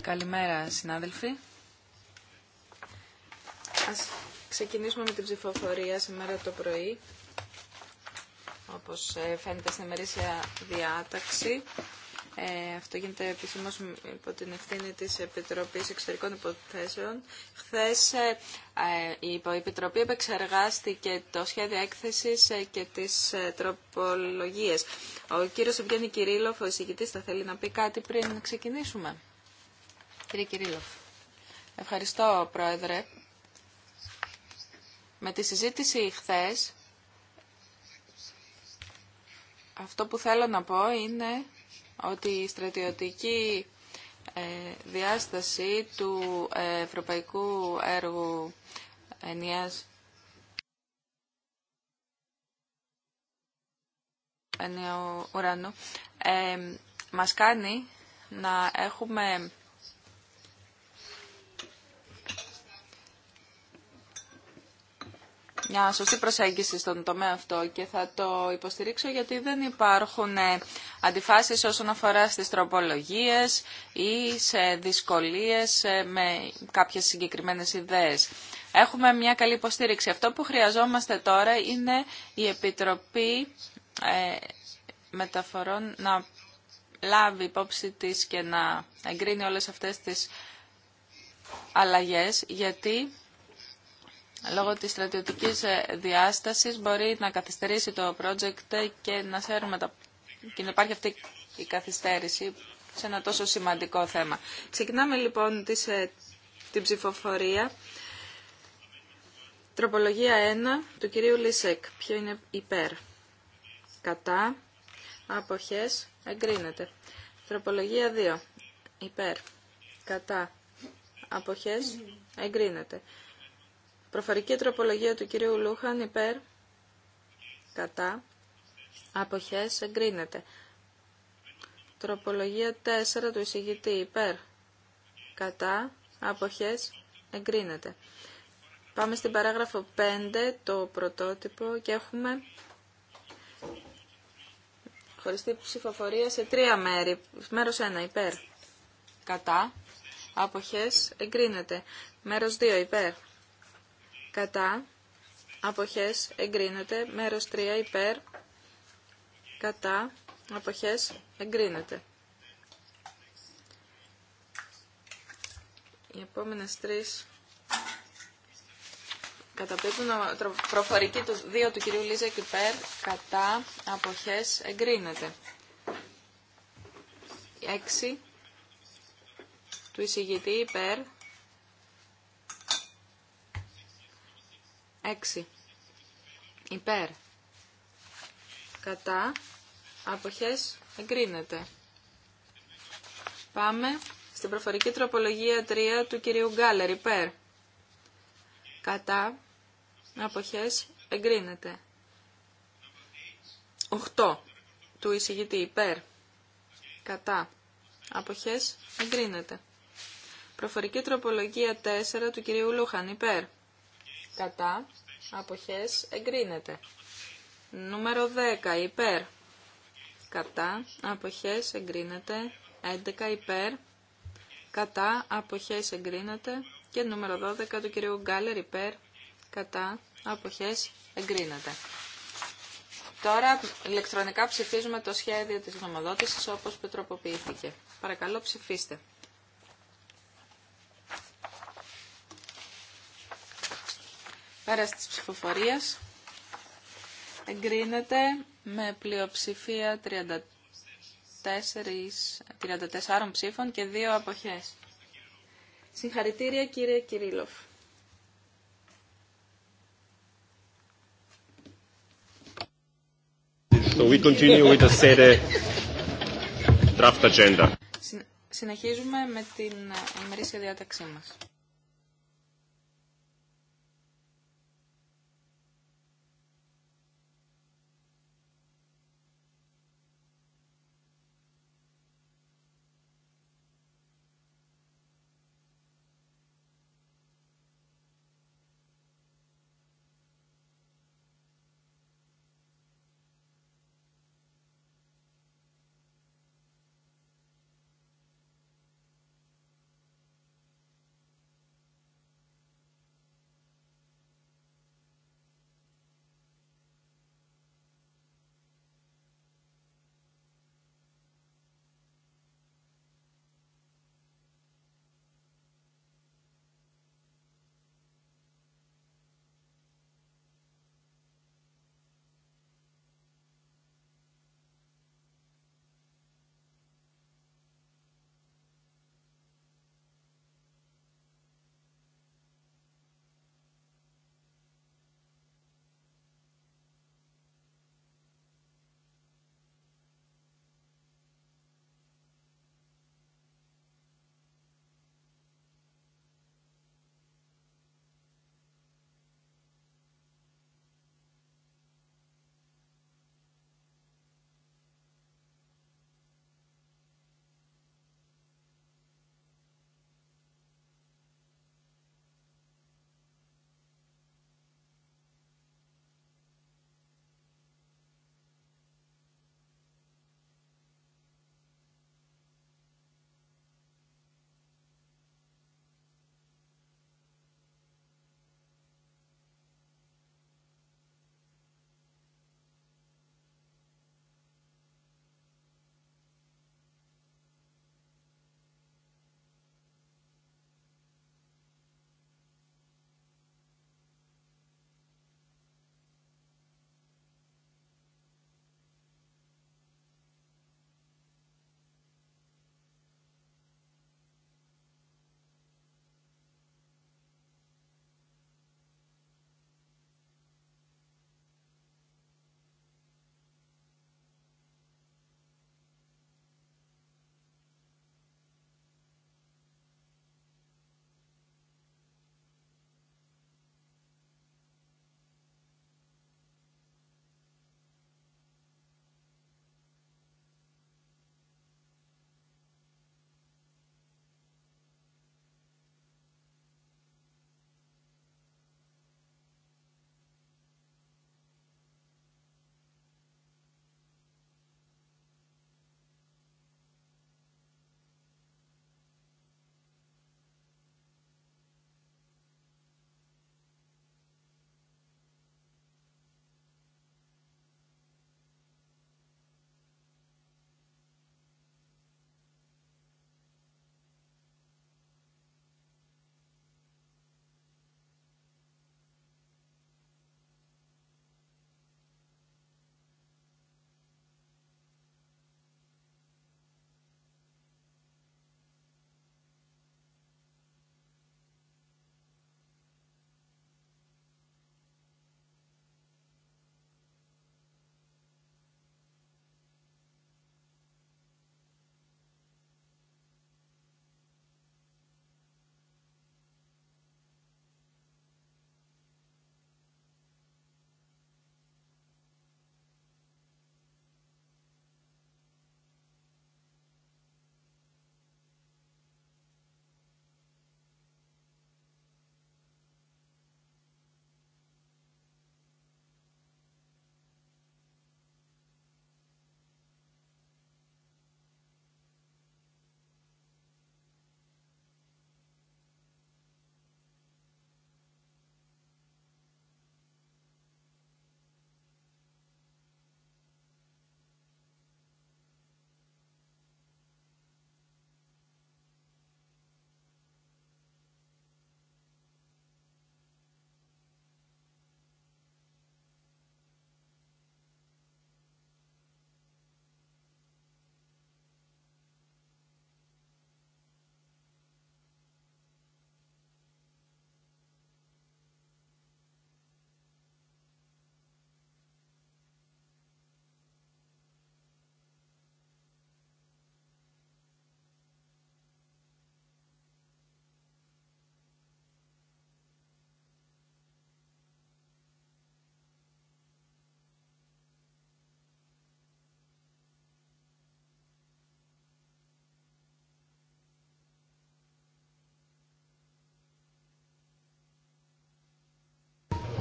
Καλημέρα, συνάδελφοι. Ας ξεκινήσουμε με την ψηφοφορία σήμερα το πρωί, όπως ε, φαίνεται στην ημερήσια διάταξη. Ε, αυτό γίνεται επισήμω υπό την ευθύνη τη Επιτροπή Εξωτερικών Υποθέσεων. Χθε ε, ε, η Επιτροπή επεξεργάστηκε το σχέδιο έκθεση και τι τροπολογίε. Ο κύριο Ευγέννη Κυρίλοφ, ο εισηγητή, θα θέλει να πει κάτι πριν ξεκινήσουμε. Κύριε Κυρίλοφ. Ευχαριστώ, Πρόεδρε. Με τη συζήτηση χθε, αυτό που θέλω να πω είναι ότι η στρατιωτική ε, διάσταση του ε, ευρωπαϊκού έργου ενιαίας ενιαίου ουρανού ε, μας κάνει να έχουμε μια σωστή προσέγγιση στον τομέα αυτό και θα το υποστηρίξω γιατί δεν υπάρχουν αντιφάσεις όσον αφορά στις τροπολογίες ή σε δυσκολίες ε, με κάποιες συγκεκριμένες ιδέες. Έχουμε μια καλή υποστήριξη. Αυτό που χρειαζόμαστε τώρα είναι η Επιτροπή ε, Μεταφορών να λάβει υπόψη της και να εγκρίνει όλες αυτές τις αλλαγές, γιατί λόγω της στρατιωτικής ε, διάστασης μπορεί να καθυστερήσει το project και να σέρουμε τα και να υπάρχει αυτή η καθυστέρηση σε ένα τόσο σημαντικό θέμα. Ξεκινάμε λοιπόν τις, ε, την ψηφοφορία. Τροπολογία 1 του κυρίου Λίσεκ. Ποιο είναι υπέρ. Κατά. Αποχές. Εγκρίνεται. Τροπολογία 2. Υπέρ. Κατά. Αποχές. Εγκρίνεται. Προφορική τροπολογία του κυρίου Λούχαν. Υπέρ. Κατά αποχές εγκρίνεται. Τροπολογία 4 του εισηγητή υπέρ κατά αποχές εγκρίνεται. Πάμε στην παράγραφο 5, το πρωτότυπο, και έχουμε χωριστή ψηφοφορία σε τρία μέρη. Μέρος 1, υπέρ. Κατά. Αποχές, εγκρίνεται. Μέρος 2, υπέρ. Κατά. Αποχές, εγκρίνεται. Μέρος 3, υπέρ κατά, αποχές, εγκρίνεται. Οι επόμενες τρεις καταπίπτουν προφορική του δύο του κυρίου Λίζα κατά, αποχές, εγκρίνεται. 6 του εισηγητή υπέρ, 6 υπέρ, κατά, αποχές εγκρίνεται. Πάμε στην προφορική τροπολογία 3 του κυρίου Γκάλερ, υπέρ. Κατά, αποχές, εγκρίνεται. 8 του εισηγητή, υπέρ. Κατά, αποχές, εγκρίνεται. Προφορική τροπολογία 4 του κυρίου Λούχαν, υπέρ. Κατά, αποχές, εγκρίνεται. Νούμερο 10, υπέρ κατά αποχές εγκρίνεται 11 υπέρ κατά αποχές εγκρίνεται και νούμερο 12 του κυρίου Γκάλερ υπέρ κατά αποχές εγκρίνεται. Τώρα ηλεκτρονικά ψηφίζουμε το σχέδιο της νομοδότησης όπως πετροποποιήθηκε. Παρακαλώ ψηφίστε. Πέρα της ψηφοφορίας εγκρίνεται με πλειοψηφία 34, 34 ψήφων και δύο αποχές. Συγχαρητήρια κύριε Κυρίλοφ. So we continue with the SEDE uh, draft agenda. Συνεχίζουμε με την ε, ημερήσια διάταξή μας.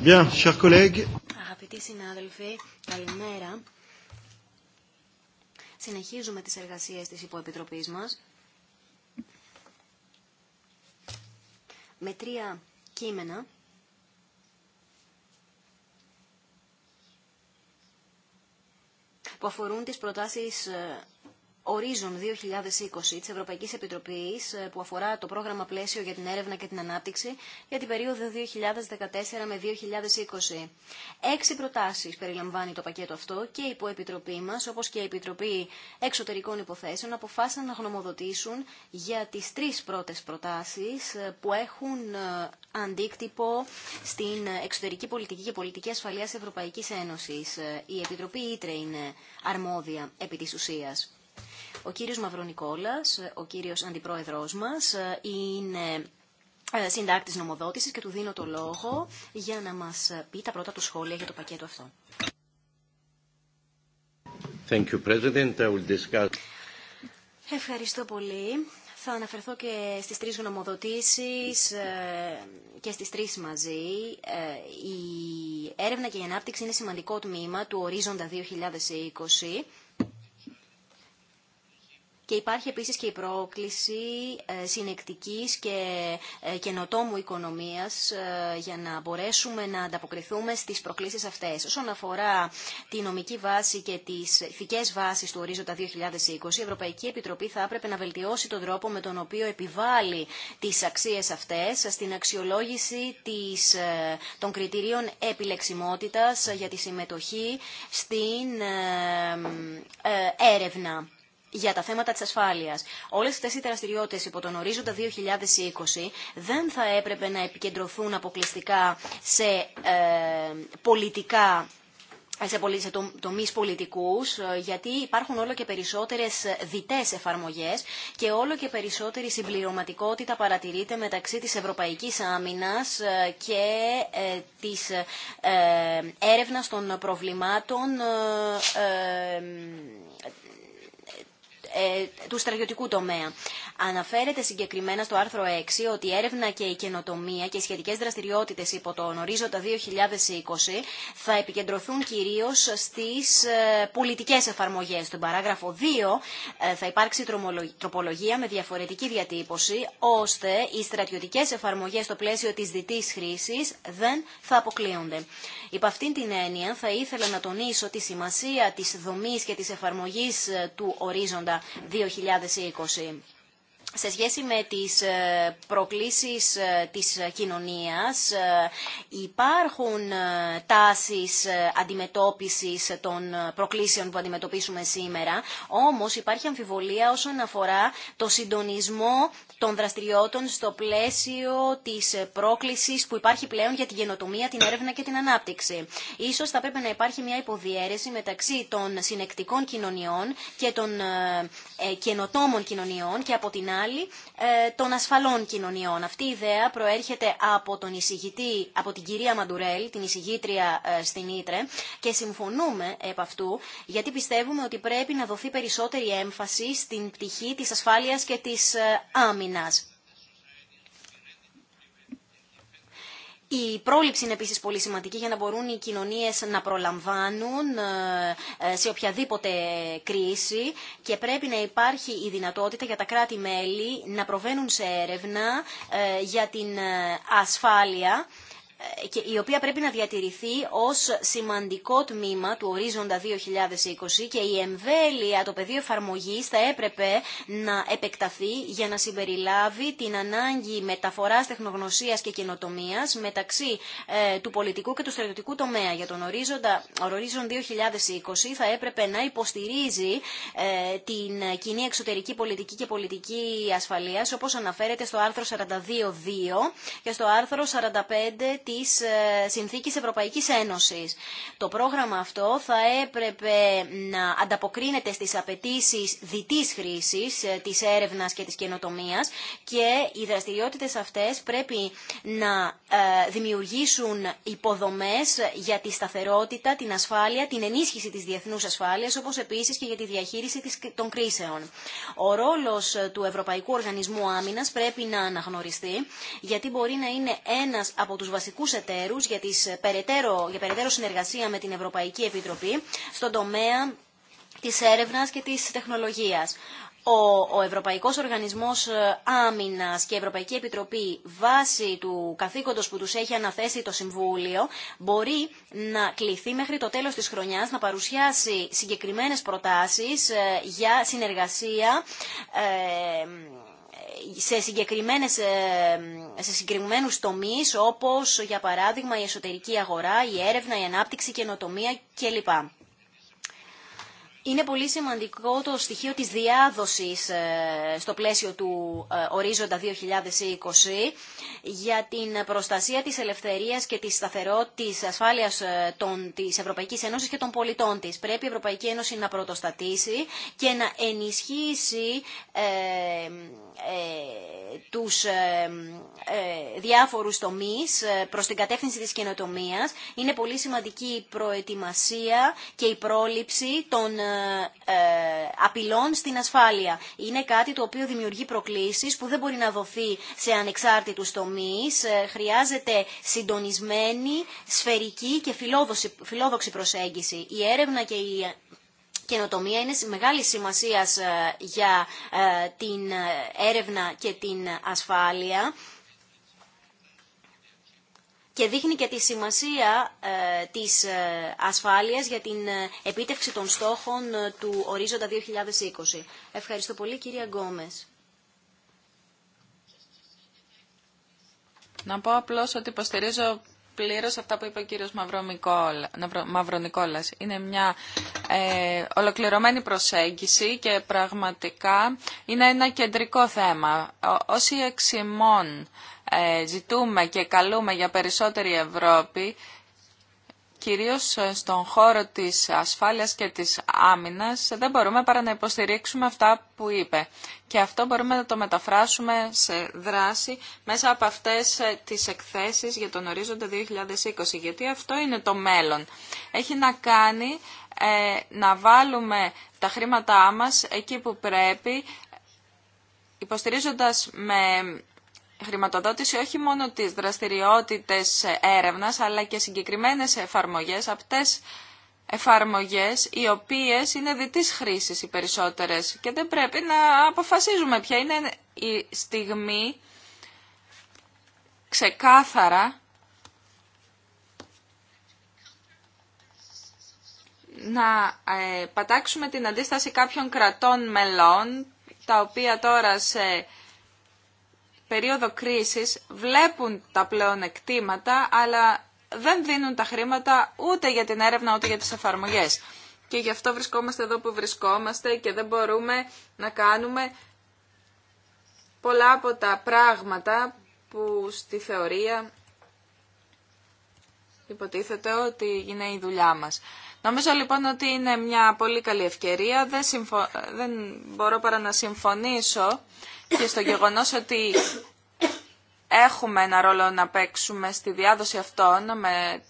Bien, chers collègues. Αγαπητοί συνάδελφοι, καλημέρα. Συνεχίζουμε τις εργασίες της υποεπιτροπής μας. Με τρία κείμενα. που αφορούν τις προτάσεις ε, Ορίζον 2020 της Ευρωπαϊκής Επιτροπής ε, που αφορά το πρόγραμμα πλαίσιο για την έρευνα και την ανάπτυξη για την περίοδο 2014 με 2020. Έξι προτάσεις περιλαμβάνει το πακέτο αυτό και η υποεπιτροπή μας όπως και η Επιτροπή Εξωτερικών Υποθέσεων αποφάσισαν να γνωμοδοτήσουν για τις τρεις πρώτες προτάσεις ε, που έχουν ε, αντίκτυπο στην εξωτερική πολιτική και πολιτική ασφαλείας Ευρωπαϊκής Ένωσης. Η Επιτροπή Ήτρε είναι αρμόδια επί της ουσία. Ο κύριος Μαυρονικόλας, ο κύριος αντιπρόεδρός μας, είναι ε, συντάκτης νομοδότησης και του δίνω το λόγο για να μας πει τα πρώτα του σχόλια για το πακέτο αυτό. you, President. I will discuss... Ευχαριστώ πολύ. Θα αναφερθώ και στις τρεις γνωμοδοτήσεις ε, και στις τρεις μαζί. Ε, η έρευνα και η ανάπτυξη είναι σημαντικό τμήμα του ορίζοντα 2020 και υπάρχει επίσης και η πρόκληση ε, συνεκτικής και ε, καινοτόμου οικονομίας ε, για να μπορέσουμε να ανταποκριθούμε στις προκλήσεις αυτές. Όσον αφορά τη νομική βάση και τις ηθικές βάσεις του ορίζοντα 2020, η Ευρωπαϊκή Επιτροπή θα έπρεπε να βελτιώσει τον τρόπο με τον οποίο επιβάλλει τις αξίες αυτές στην αξιολόγηση των κριτηρίων επιλεξιμότητας για τη συμμετοχή στην έρευνα για τα θέματα της ασφάλειας. Όλες αυτές οι δραστηριότητε υπό τον ορίζοντα 2020 δεν θα έπρεπε να επικεντρωθούν αποκλειστικά σε ε, πολιτικά σε τομεί πολιτικού, ε, γιατί υπάρχουν όλο και περισσότερε διτέ εφαρμογέ και όλο και περισσότερη συμπληρωματικότητα παρατηρείται μεταξύ τη ευρωπαϊκή άμυνα ε, και τη έρευνα των προβλημάτων ε, του στρατιωτικού τομέα. Αναφέρεται συγκεκριμένα στο άρθρο 6 ότι η έρευνα και η καινοτομία και οι σχετικές δραστηριότητες υπό τον ορίζοντα 2020 θα επικεντρωθούν κυρίως στις ε, πολιτικές εφαρμογές. Στον παράγραφο 2 ε, θα υπάρξει τροπολογία με διαφορετική διατύπωση ώστε οι στρατιωτικές εφαρμογές στο πλαίσιο της διτής χρήσης δεν θα αποκλείονται. Υπ' αυτήν την έννοια θα ήθελα να τονίσω τη σημασία τη δομή και τη εφαρμογή του ορίζοντα 2020. Σε σχέση με τις ε, προκλήσεις ε, της κοινωνίας ε, υπάρχουν τάσεις αντιμετώπισης των προκλήσεων που αντιμετωπίσουμε σήμερα, όμως υπάρχει αμφιβολία όσον αφορά το συντονισμό των δραστηριότητων στο πλαίσιο τη πρόκληση που υπάρχει πλέον για την γενοτομία, την έρευνα και την ανάπτυξη. Ίσως θα πρέπει να υπάρχει μια υποδιέρεση μεταξύ των συνεκτικών κοινωνιών και των ε, ε, καινοτόμων κοινωνιών και από την άλλη ε, των ασφαλών κοινωνιών. Αυτή η ιδέα προέρχεται από, τον εισηγητή, από την κυρία Μαντουρέλ, την εισηγήτρια στην Ήτρε και συμφωνούμε επ' αυτού γιατί πιστεύουμε ότι πρέπει να δοθεί περισσότερη έμφαση στην πτυχή της ασφάλειας και της άμυνας η πρόληψη είναι επίσης πολύ σημαντική για να μπορούν οι κοινωνίες να προλαμβάνουν ε, ε, σε οποιαδήποτε κρίση και πρέπει να υπάρχει η δυνατότητα για τα κράτη-μέλη να προβαίνουν σε έρευνα ε, για την ασφάλεια ε, η οποία πρέπει να διατηρηθεί ως σημαντικό τμήμα του ορίζοντα 2020 και η εμβέλεια, το πεδίο εφαρμογής θα έπρεπε να επεκταθεί για να συμπεριλάβει την ανάγκη μεταφοράς τεχνογνωσίας και καινοτομίας... μεταξύ ε, του πολιτικού και του στρατιωτικού τομέα. Για τον ορίζοντα, ορίζον 2020 θα έπρεπε να υποστηρίζει ε, την κοινή εξωτερική πολιτική και πολιτική ασφαλείας όπως αναφέρεται στο άρθρο 42.2 και στο άρθρο 45 της ε, Συνθήκης Ευρωπαϊκής Ένωσης. Το πρόγραμμα αυτό θα έπρεπε να ανταποκρίνεται στις απαιτήσει διτής χρήσης ε, της έρευνας και της καινοτομίας και οι δραστηριότητες αυτές πρέπει να ε, δημιουργήσουν υποδομές για τη σταθερότητα, την ασφάλεια, την ενίσχυση της διεθνούς ασφάλειας, όπως επίσης και για τη διαχείριση των κρίσεων. Ο ρόλος του Ευρωπαϊκού Οργανισμού Άμυνας πρέπει να αναγνωριστεί, γιατί μπορεί να είναι ένας από τους βασικούς σετερούς για, ε, περαιτέρω, για περαιτέρω συνεργασία με την Ευρωπαϊκή Επιτροπή στον τομέα της έρευνας και της τεχνολογίας. Ο, ο Ευρωπαϊκός Οργανισμός ε, Άμυνας και η Ευρωπαϊκή Επιτροπή βάσει του καθήκοντος που του έχει αναθέσει το Συμβούλιο μπορεί να κληθεί μέχρι το τέλος της χρονιάς να παρουσιάσει συγκεκριμένες προτάσεις ε, για συνεργασία σε, συγκεκριμένες, ε, σε συγκεκριμένους τομείς όπως για παράδειγμα η εσωτερική αγορά, η έρευνα, η ανάπτυξη, η καινοτομία κλπ. Είναι πολύ σημαντικό το στοιχείο της διάδοσης ε, στο πλαίσιο του ε, ορίζοντα 2020 για την προστασία της ελευθερίας και της σταθερότητας ασφάλειας ε, των, της Ευρωπαϊκής Ένωσης και των πολιτών της. Πρέπει η Ευρωπαϊκή Ένωση να πρωτοστατήσει και να ενισχύσει ε, ε, τους ε, διάφορους τομείς προς την κατεύθυνση της καινοτομίας. Είναι πολύ σημαντική η προετοιμασία και η πρόληψη των ε, απειλών στην ασφάλεια. Είναι κάτι το οποίο δημιουργεί προκλήσεις που δεν μπορεί να δοθεί σε ανεξάρτητους τομείς. Ε, χρειάζεται συντονισμένη, σφαιρική και φιλόδοξη προσέγγιση. Η έρευνα και η καινοτομία είναι μεγάλη σημασία ε, για την έρευνα και την ασφάλεια και δείχνει και τη σημασία ε, της ε, ασφάλειας για την ε, επίτευξη των στόχων του ορίζοντα 2020. Ευχαριστώ πολύ κυρία Γκόμες. Να πω απλώς ότι υποστηρίζω πλήρως αυτά που είπε ο κύριος Μαυρονικόλας. Είναι μια ε, ολοκληρωμένη προσέγγιση και πραγματικά είναι ένα κεντρικό θέμα. Όσοι εξημών ε, ζητούμε και καλούμε για περισσότερη Ευρώπη, κυρίως ε, στον χώρο της ασφάλειας και της άμυνας, δεν μπορούμε παρά να υποστηρίξουμε αυτά που είπε. Και αυτό μπορούμε να το μεταφράσουμε σε δράση μέσα από αυτές ε, τις εκθέσεις για τον ορίζοντα 2020, γιατί αυτό είναι το μέλλον. Έχει να κάνει να βάλουμε τα χρήματά μας εκεί που πρέπει, υποστηρίζοντας με χρηματοδότηση όχι μόνο τις δραστηριότητες έρευνας, αλλά και συγκεκριμένες εφαρμογές, αυτές εφαρμογές οι οποίες είναι διτής χρήσης οι περισσότερες και δεν πρέπει να αποφασίζουμε ποια είναι η στιγμή ξεκάθαρα να ε, πατάξουμε την αντίσταση κάποιων κρατών μελών τα οποία τώρα σε περίοδο κρίσης βλέπουν τα πλέον εκτήματα, αλλά δεν δίνουν τα χρήματα ούτε για την έρευνα, ούτε για τις εφαρμογές. Και γι' αυτό βρισκόμαστε εδώ που βρισκόμαστε και δεν μπορούμε να κάνουμε πολλά από τα πράγματα που στη θεωρία υποτίθεται ότι είναι η δουλειά μας. Νομίζω λοιπόν ότι είναι μια πολύ καλή ευκαιρία. δεν μπορώ παρά να συμφωνήσω και στο γεγονός ότι έχουμε ένα ρόλο να παίξουμε στη διάδοση αυτών με,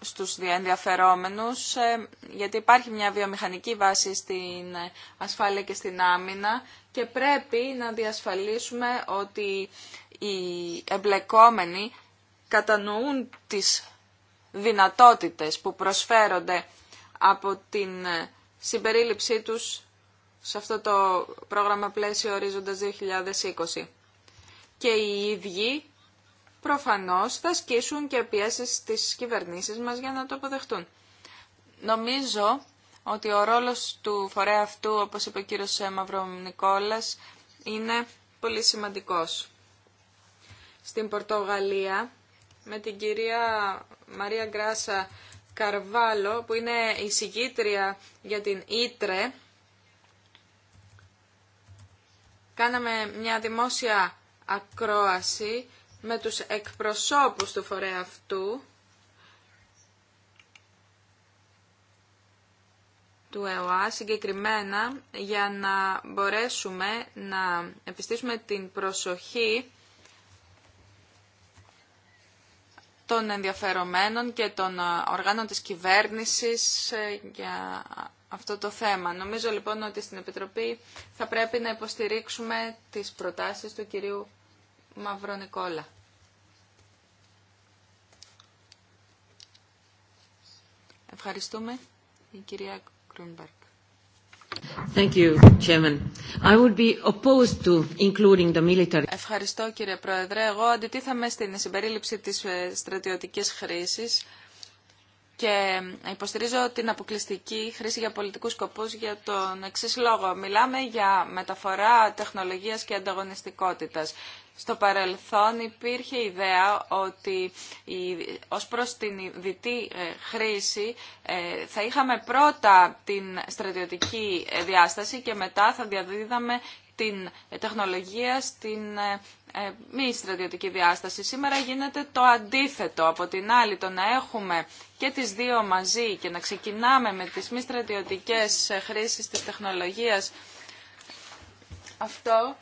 στους ενδιαφερόμενους, ε, γιατί υπάρχει μια βιομηχανική βάση στην ασφάλεια και στην άμυνα και πρέπει να διασφαλίσουμε ότι οι εμπλεκόμενοι κατανοούν τις δυνατότητες που προσφέρονται από την συμπερίληψή τους σε αυτό το πρόγραμμα πλαίσιο ορίζοντας 2020. Και οι ίδιοι προφανώς θα σκίσουν και πιέσεις στις κυβερνήσεις μας για να το αποδεχτούν. Νομίζω ότι ο ρόλος του φορέα αυτού, όπως είπε ο κύριος Μαυρονικόλας, είναι πολύ σημαντικός. Στην Πορτογαλία, με την κυρία Μαρία Γκράσα Καρβάλο, που είναι η συγκήτρια για την Ήτρε, κάναμε μια δημόσια ακρόαση με τους εκπροσώπους του φορέα αυτού, του ΕΟΑ συγκεκριμένα για να μπορέσουμε να επιστήσουμε την προσοχή των ενδιαφερομένων και των οργάνων της κυβέρνησης ε, για αυτό το θέμα. Νομίζω λοιπόν ότι στην Επιτροπή θα πρέπει να υποστηρίξουμε τις προτάσεις του κυρίου Μαυρονικόλα. Ευχαριστούμε. Η κυρία Κρούνμπαρκ. Thank you, Chairman. I would be opposed to including the military. Ευχαριστώ κύριε Πρόεδρε. Εγώ αντιτίθαμε στην συμπερίληψη της ε, στρατιωτικής χρήσης και υποστηρίζω την αποκλειστική χρήση για πολιτικούς σκοπούς για τον εξή λόγο. Μιλάμε για μεταφορά τεχνολογίας και ανταγωνιστικότητας. Στο παρελθόν υπήρχε ιδέα ότι η, ως προς την δυτή ε, χρήση ε, θα είχαμε πρώτα την στρατιωτική ε, διάσταση και μετά θα διαδίδαμε την τεχνολογία στην ε, ε, μη στρατιωτική διάσταση. Σήμερα γίνεται το αντίθετο. Από την άλλη, το να έχουμε και τις δύο μαζί και να ξεκινάμε με τις μη στρατιωτικές ε, χρήσεις της τεχνολογίας, αυτό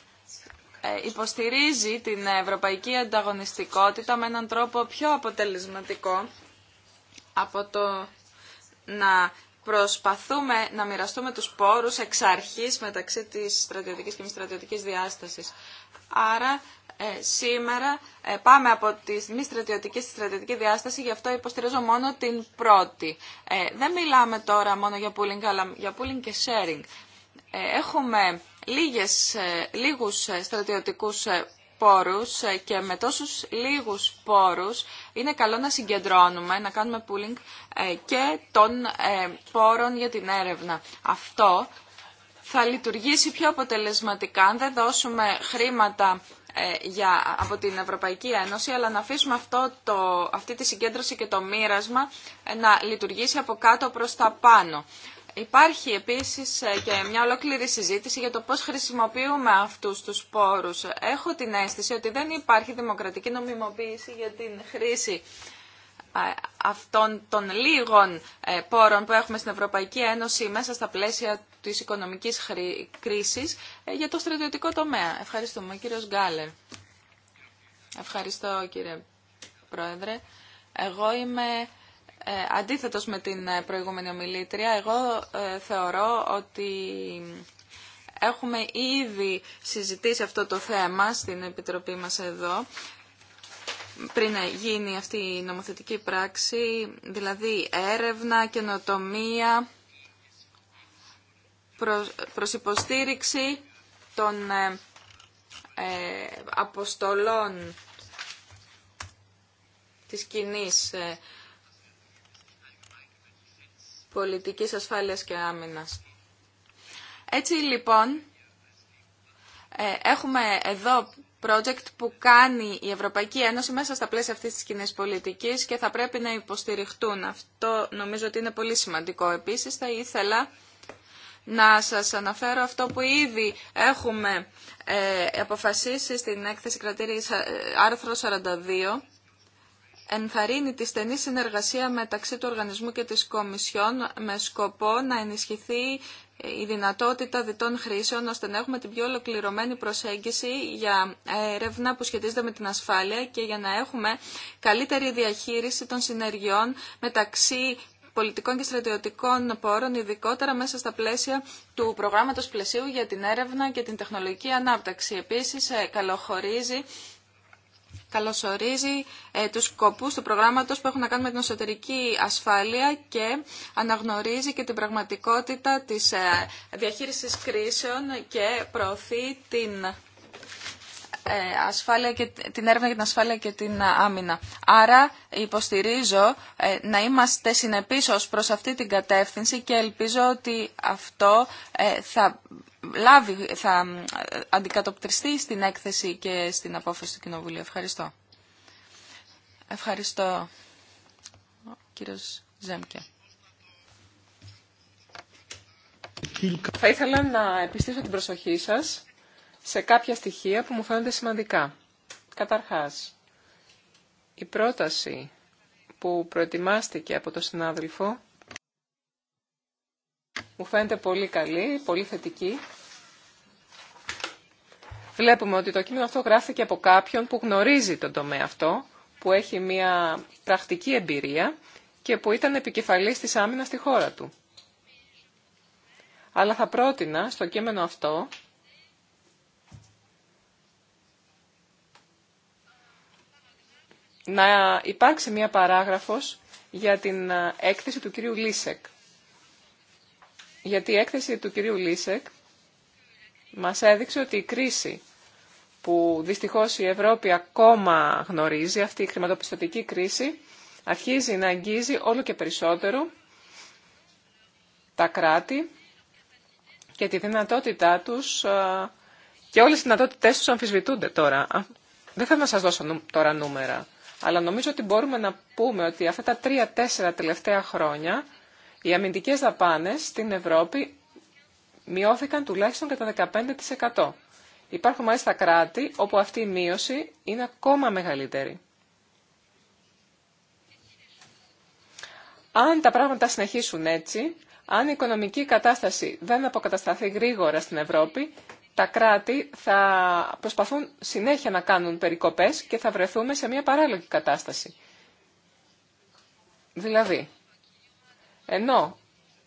υποστηρίζει την ευρωπαϊκή ανταγωνιστικότητα με έναν τρόπο πιο αποτελεσματικό από το να προσπαθούμε να μοιραστούμε τους πόρους εξ αρχής μεταξύ της στρατιωτικής και μη στρατιωτικής διάστασης. Άρα ε, σήμερα ε, πάμε από τη μη στρατιωτική στη στρατιωτική διάσταση, γι' αυτό υποστηρίζω μόνο την πρώτη. Ε, δεν μιλάμε τώρα μόνο για pooling, αλλά για pooling και sharing. Έχουμε λίγες, λίγους στρατιωτικούς πόρους ε, και με τόσους λίγους πόρους είναι καλό να συγκεντρώνουμε, να κάνουμε pooling ε, και των ε, πόρων για την έρευνα. Αυτό θα λειτουργήσει πιο αποτελεσματικά αν δεν δώσουμε χρήματα για, από την Ευρωπαϊκή Ένωση, αλλά να αφήσουμε αυτό το, αυτή τη συγκέντρωση και το μοίρασμα να λειτουργήσει από κάτω προς τα πάνω. Υπάρχει επίσης ε, και μια ολόκληρη συζήτηση για το πώς χρησιμοποιούμε αυτούς τους πόρους. Έχω την αίσθηση ότι δεν υπάρχει δημοκρατική νομιμοποίηση για την χρήση ε, αυτών των λίγων ε, πόρων που έχουμε στην Ευρωπαϊκή Ένωση μέσα στα πλαίσια της οικονομικής κρίσης για το στρατιωτικό τομέα. Ευχαριστούμε. Ο κύριος Γκάλερ. Ευχαριστώ κύριε Πρόεδρε. Εγώ είμαι ε, αντίθετος με την ε, προηγούμενη ομιλήτρια, εγώ ε, θεωρώ ότι έχουμε ήδη συζητήσει αυτό το θέμα στην Επιτροπή μας εδώ πριν γίνει αυτή η νομοθετική πράξη, δηλαδή έρευνα, καινοτομία προς υποστήριξη των αποστολών της κοινής πολιτικής ασφάλειας και άμυνας. Έτσι λοιπόν, ε, έχουμε εδώ project που κάνει η Ευρωπαϊκή Ένωση μέσα στα πλαίσια αυτής της κοινή πολιτικής και θα πρέπει να υποστηριχτούν. Αυτό νομίζω ότι είναι πολύ σημαντικό. Επίσης θα ήθελα να σας αναφέρω αυτό που ήδη έχουμε ε, αποφασίσει στην έκθεση κρατήρια ε, άρθρο 42 ενθαρρύνει τη στενή συνεργασία μεταξύ του οργανισμού και της Κομισιόν με σκοπό να ενισχυθεί η δυνατότητα διτών χρήσεων ώστε να έχουμε την πιο ολοκληρωμένη προσέγγιση για έρευνα που σχετίζεται με την ασφάλεια και για να έχουμε καλύτερη διαχείριση των συνεργειών μεταξύ πολιτικών και στρατιωτικών πόρων, ειδικότερα μέσα στα πλαίσια του προγράμματος πλαισίου για την έρευνα και την τεχνολογική ανάπτυξη. Επίσης, ε, καλοχωρίζει καλωσορίζει ε, τους σκοπούς του προγράμματος που έχουν να κάνουν με την εσωτερική ασφάλεια και αναγνωρίζει και την πραγματικότητα της ε, διαχείρισης κρίσεων και προωθεί την ε, ασφάλεια και, την έρευνα για την ασφάλεια και την άμυνα. Άρα υποστηρίζω να είμαστε συνεπείς ως προς αυτή την κατεύθυνση και ελπίζω ότι αυτό θα λάβει, θα αντικατοπτριστεί στην έκθεση και στην απόφαση του Κοινοβουλίου. Ευχαριστώ. Ευχαριστώ, κύριος Ζέμκε. Θα ήθελα να επιστήσω την προσοχή σας σε κάποια στοιχεία που μου φαίνονται σημαντικά. Καταρχάς, η πρόταση που προετοιμάστηκε από τον συνάδελφο μου φαίνεται πολύ καλή, πολύ θετική. Βλέπουμε ότι το κείμενο αυτό γράφτηκε από κάποιον που γνωρίζει τον τομέα αυτό, που έχει μια πρακτική εμπειρία και που ήταν επικεφαλής της άμυνας στη χώρα του. Αλλά θα πρότεινα στο κείμενο αυτό να υπάρξει μια παράγραφος για την έκθεση του κυρίου Λίσεκ γιατί η έκθεση του κυρίου Λίσεκ μας έδειξε ότι η κρίση που δυστυχώς η Ευρώπη ακόμα γνωρίζει, αυτή η χρηματοπιστωτική κρίση, αρχίζει να αγγίζει όλο και περισσότερο τα κράτη και τη δυνατότητά τους ε, και όλες οι δυνατότητές τους αμφισβητούνται τώρα. Δεν θα να σας δώσω τώρα νούμερα, αλλά νομίζω ότι μπορούμε να πούμε ότι αυτά τα τρία-τέσσερα τελευταία χρόνια οι αμυντικές δαπάνες στην Ευρώπη μειώθηκαν τουλάχιστον κατά 15%. Υπάρχουν μάλιστα κράτη όπου αυτή η μείωση είναι ακόμα μεγαλύτερη. Αν τα πράγματα συνεχίσουν έτσι, αν η οικονομική κατάσταση δεν αποκατασταθεί γρήγορα στην Ευρώπη, τα κράτη θα προσπαθούν συνέχεια να κάνουν περικοπές και θα βρεθούμε σε μια παράλογη κατάσταση. Δηλαδή, ενώ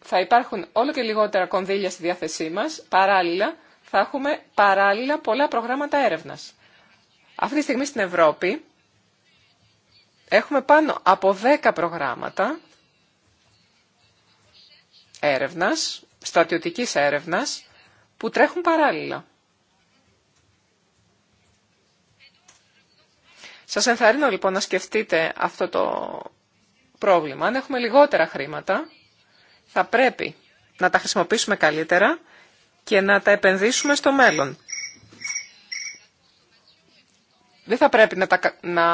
θα υπάρχουν όλο και λιγότερα κονδύλια στη διάθεσή μας, παράλληλα θα έχουμε παράλληλα πολλά προγράμματα έρευνας. Αυτή τη στιγμή στην Ευρώπη έχουμε πάνω από 10 προγράμματα έρευνας, στρατιωτική έρευνας, που τρέχουν παράλληλα. Σας ενθαρρύνω λοιπόν να σκεφτείτε αυτό το πρόβλημα. Αν έχουμε λιγότερα χρήματα, θα πρέπει να τα χρησιμοποιήσουμε καλύτερα και να τα επενδύσουμε στο μέλλον. Δεν θα πρέπει να, τα, να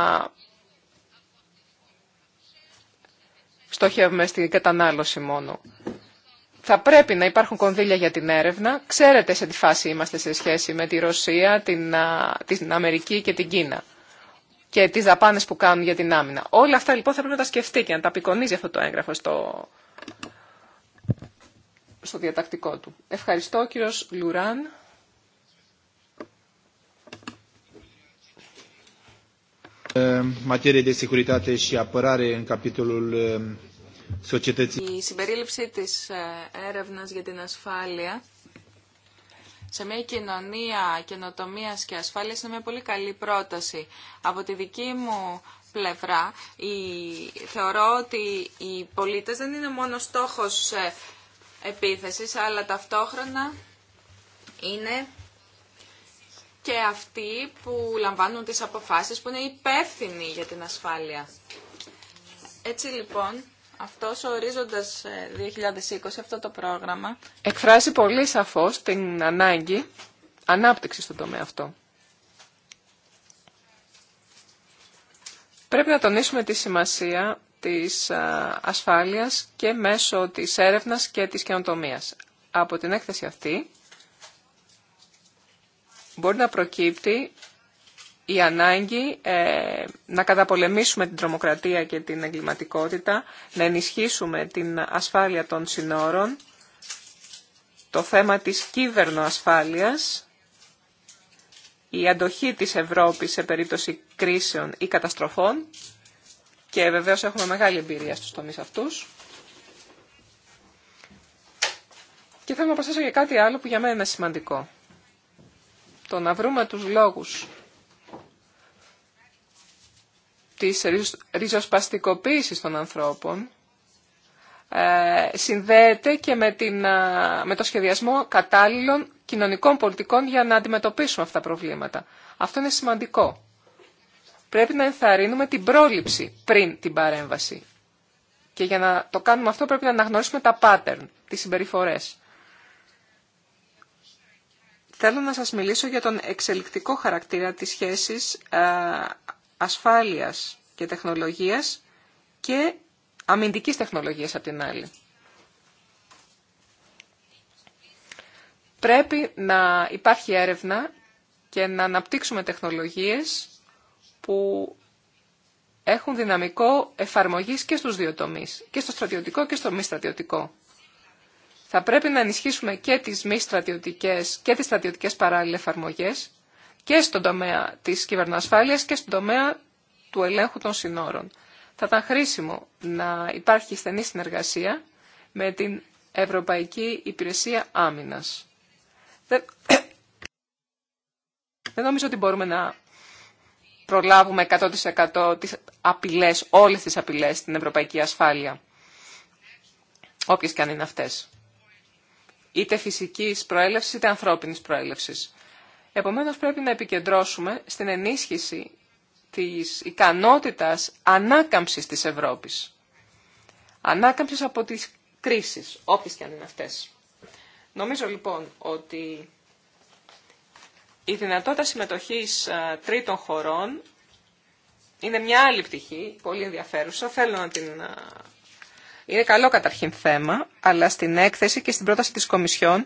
στοχεύουμε στην κατανάλωση μόνο. Θα πρέπει να υπάρχουν κονδύλια για την έρευνα. Ξέρετε σε τι φάση είμαστε σε σχέση με τη Ρωσία, την, την Αμερική και την Κίνα και τι δαπάνε που κάνουν για την άμυνα. Όλα αυτά λοιπόν θα πρέπει να τα σκεφτεί και να τα απεικονίζει αυτό το έγγραφο στο, στο διατακτικό του. Ευχαριστώ κύριο Λουράν. Η συμπερίληψη της ε, έρευνας για την ασφάλεια σε μια κοινωνία καινοτομία και ασφάλειας είναι μια πολύ καλή πρόταση. Από τη δική μου πλευρά η... θεωρώ ότι οι πολίτε δεν είναι μόνο στόχος ε, επίθεσης, αλλά ταυτόχρονα είναι και αυτοί που λαμβάνουν τις αποφάσεις που είναι υπεύθυνοι για την ασφάλεια. Έτσι λοιπόν, αυτός ο ορίζοντας 2020, ε, αυτό το πρόγραμμα, εκφράζει πολύ σαφώς την ανάγκη ανάπτυξη στον τομέα αυτό. Πρέπει να τονίσουμε τη σημασία της ασφάλειας και μέσω της έρευνας και της καινοτομίας. Από την έκθεση αυτή μπορεί να προκύπτει η ανάγκη ε, να καταπολεμήσουμε την τρομοκρατία και την εγκληματικότητα, να ενισχύσουμε την ασφάλεια των συνόρων, το θέμα της κύβερνο-ασφάλειας η αντοχή της Ευρώπης σε περίπτωση κρίσεων ή καταστροφών και βεβαίως έχουμε μεγάλη εμπειρία στους τομείς αυτούς. Και θέλω να προσθέσω και κάτι άλλο που για μένα είναι σημαντικό. Το να βρούμε τους λόγους της ριζοσπαστικοποίησης των ανθρώπων ε, συνδέεται και με, την, ε, το σχεδιασμό κατάλληλων κοινωνικών πολιτικών για να αντιμετωπίσουμε αυτά τα προβλήματα. Αυτό είναι σημαντικό. Πρέπει να ενθαρρύνουμε την πρόληψη πριν την παρέμβαση. Και για να το κάνουμε αυτό πρέπει να αναγνωρίσουμε τα pattern, τις συμπεριφορές. Θέλω να σας μιλήσω για τον εξελικτικό χαρακτήρα της σχέσης ε, ασφάλειας και τεχνολογίας και αμυντικής τεχνολογίας απ' την άλλη. Πρέπει να υπάρχει έρευνα και να αναπτύξουμε τεχνολογίες που έχουν δυναμικό εφαρμογής και στους δύο τομείς, και στο στρατιωτικό και στο μη στρατιωτικό. Θα πρέπει να ενισχύσουμε και τις μη στρατιωτικές και τις στρατιωτικές παράλληλες εφαρμογές και στον τομέα της κυβερνοασφάλειας και στον τομέα του ελέγχου των συνόρων. Θα ήταν χρήσιμο να υπάρχει στενή συνεργασία με την Ευρωπαϊκή Υπηρεσία Άμυνας. Δεν, νομίζω ότι μπορούμε να προλάβουμε 100% τις απειλές, όλες τις απειλές στην ευρωπαϊκή ασφάλεια, όποιες και αν είναι αυτές. Είτε φυσικής προέλευσης, είτε ανθρώπινης προέλευσης. Επομένως πρέπει να επικεντρώσουμε στην ενίσχυση της ικανότητας ανάκαμψης της Ευρώπης. Ανάκαμψης από τις κρίσεις, όποιες και αν είναι αυτές. Νομίζω λοιπόν ότι η δυνατότητα συμμετοχής τρίτων χωρών είναι μια άλλη πτυχή, πολύ ενδιαφέρουσα. Θέλω να την... Είναι καλό καταρχήν θέμα, αλλά στην έκθεση και στην πρόταση της Κομισιόν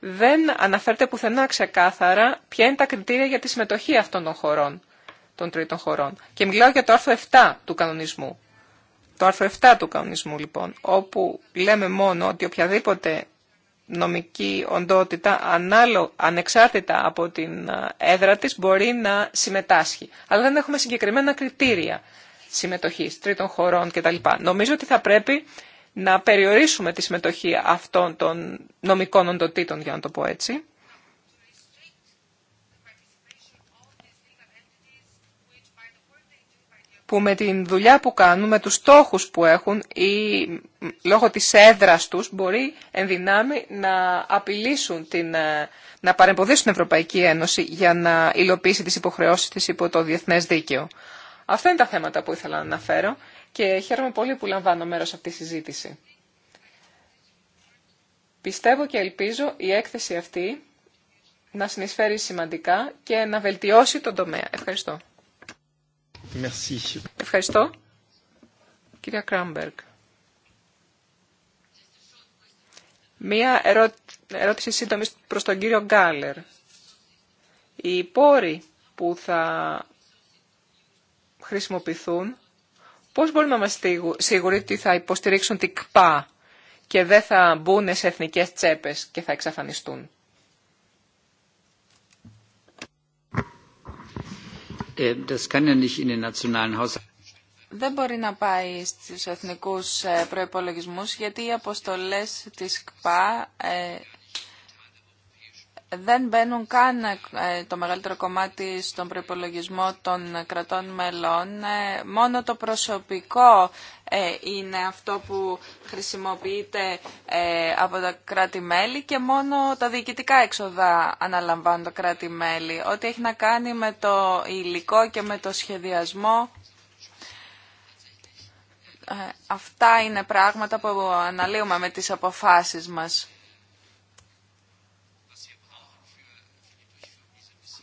δεν αναφέρεται πουθενά ξεκάθαρα ποια είναι τα κριτήρια για τη συμμετοχή αυτών των χωρών, των τρίτων χωρών. Και μιλάω για το άρθρο 7 του κανονισμού. Το άρθρο 7 του κανονισμού λοιπόν, όπου λέμε μόνο ότι οποιαδήποτε νομική οντότητα ανάλο, ανεξάρτητα από την έδρα της μπορεί να συμμετάσχει. Αλλά δεν έχουμε συγκεκριμένα κριτήρια συμμετοχής τρίτων χωρών κτλ. Νομίζω ότι θα πρέπει να περιορίσουμε τη συμμετοχή αυτών των νομικών οντοτήτων, για να το πω έτσι. που με την δουλειά που κάνουν, με τους στόχους που έχουν ή λόγω της έδρας τους μπορεί εν δυνάμει να απειλήσουν, την, ε, να παρεμποδίσουν την Ευρωπαϊκή Ένωση για να υλοποιήσει τις υποχρεώσεις της υπό το διεθνές δίκαιο. Αυτά είναι τα θέματα που ήθελα να αναφέρω και χαίρομαι πολύ που λαμβάνω μέρος σε αυτή τη συζήτηση. Πιστεύω και ελπίζω η έκθεση αυτή να συνεισφέρει σημαντικά και να βελτιώσει τον τομέα. Ευχαριστώ. Ευχαριστώ. Κυρία Κράμπεργκ. Μία ερώτηση σύντομη προς τον κύριο Γκάλερ. Οι πόροι που θα χρησιμοποιηθούν Πώς μπορούμε να είμαστε σίγουροι ότι θα υποστηρίξουν την ΚΠΑ και δεν θα μπουν σε εθνικές τσέπες και θα εξαφανιστούν. Ε, δεν μπορεί να πάει στους εθνικούς ε, προϋπολογισμούς γιατί οι αποστολές της ΚΠΑ ε, δεν μπαίνουν καν ε, το μεγαλύτερο κομμάτι στον προπολογισμό των κρατών μελών. Ε, μόνο το προσωπικό ε, είναι αυτό που χρησιμοποιείται από τα κράτη-μέλη και μόνο τα διοικητικά έξοδα αναλαμβάνουν τα κράτη-μέλη. Ό,τι έχει να κάνει με το υλικό και με το σχεδιασμό αυτά είναι πράγματα που αναλύουμε με τις αποφάσεις μας.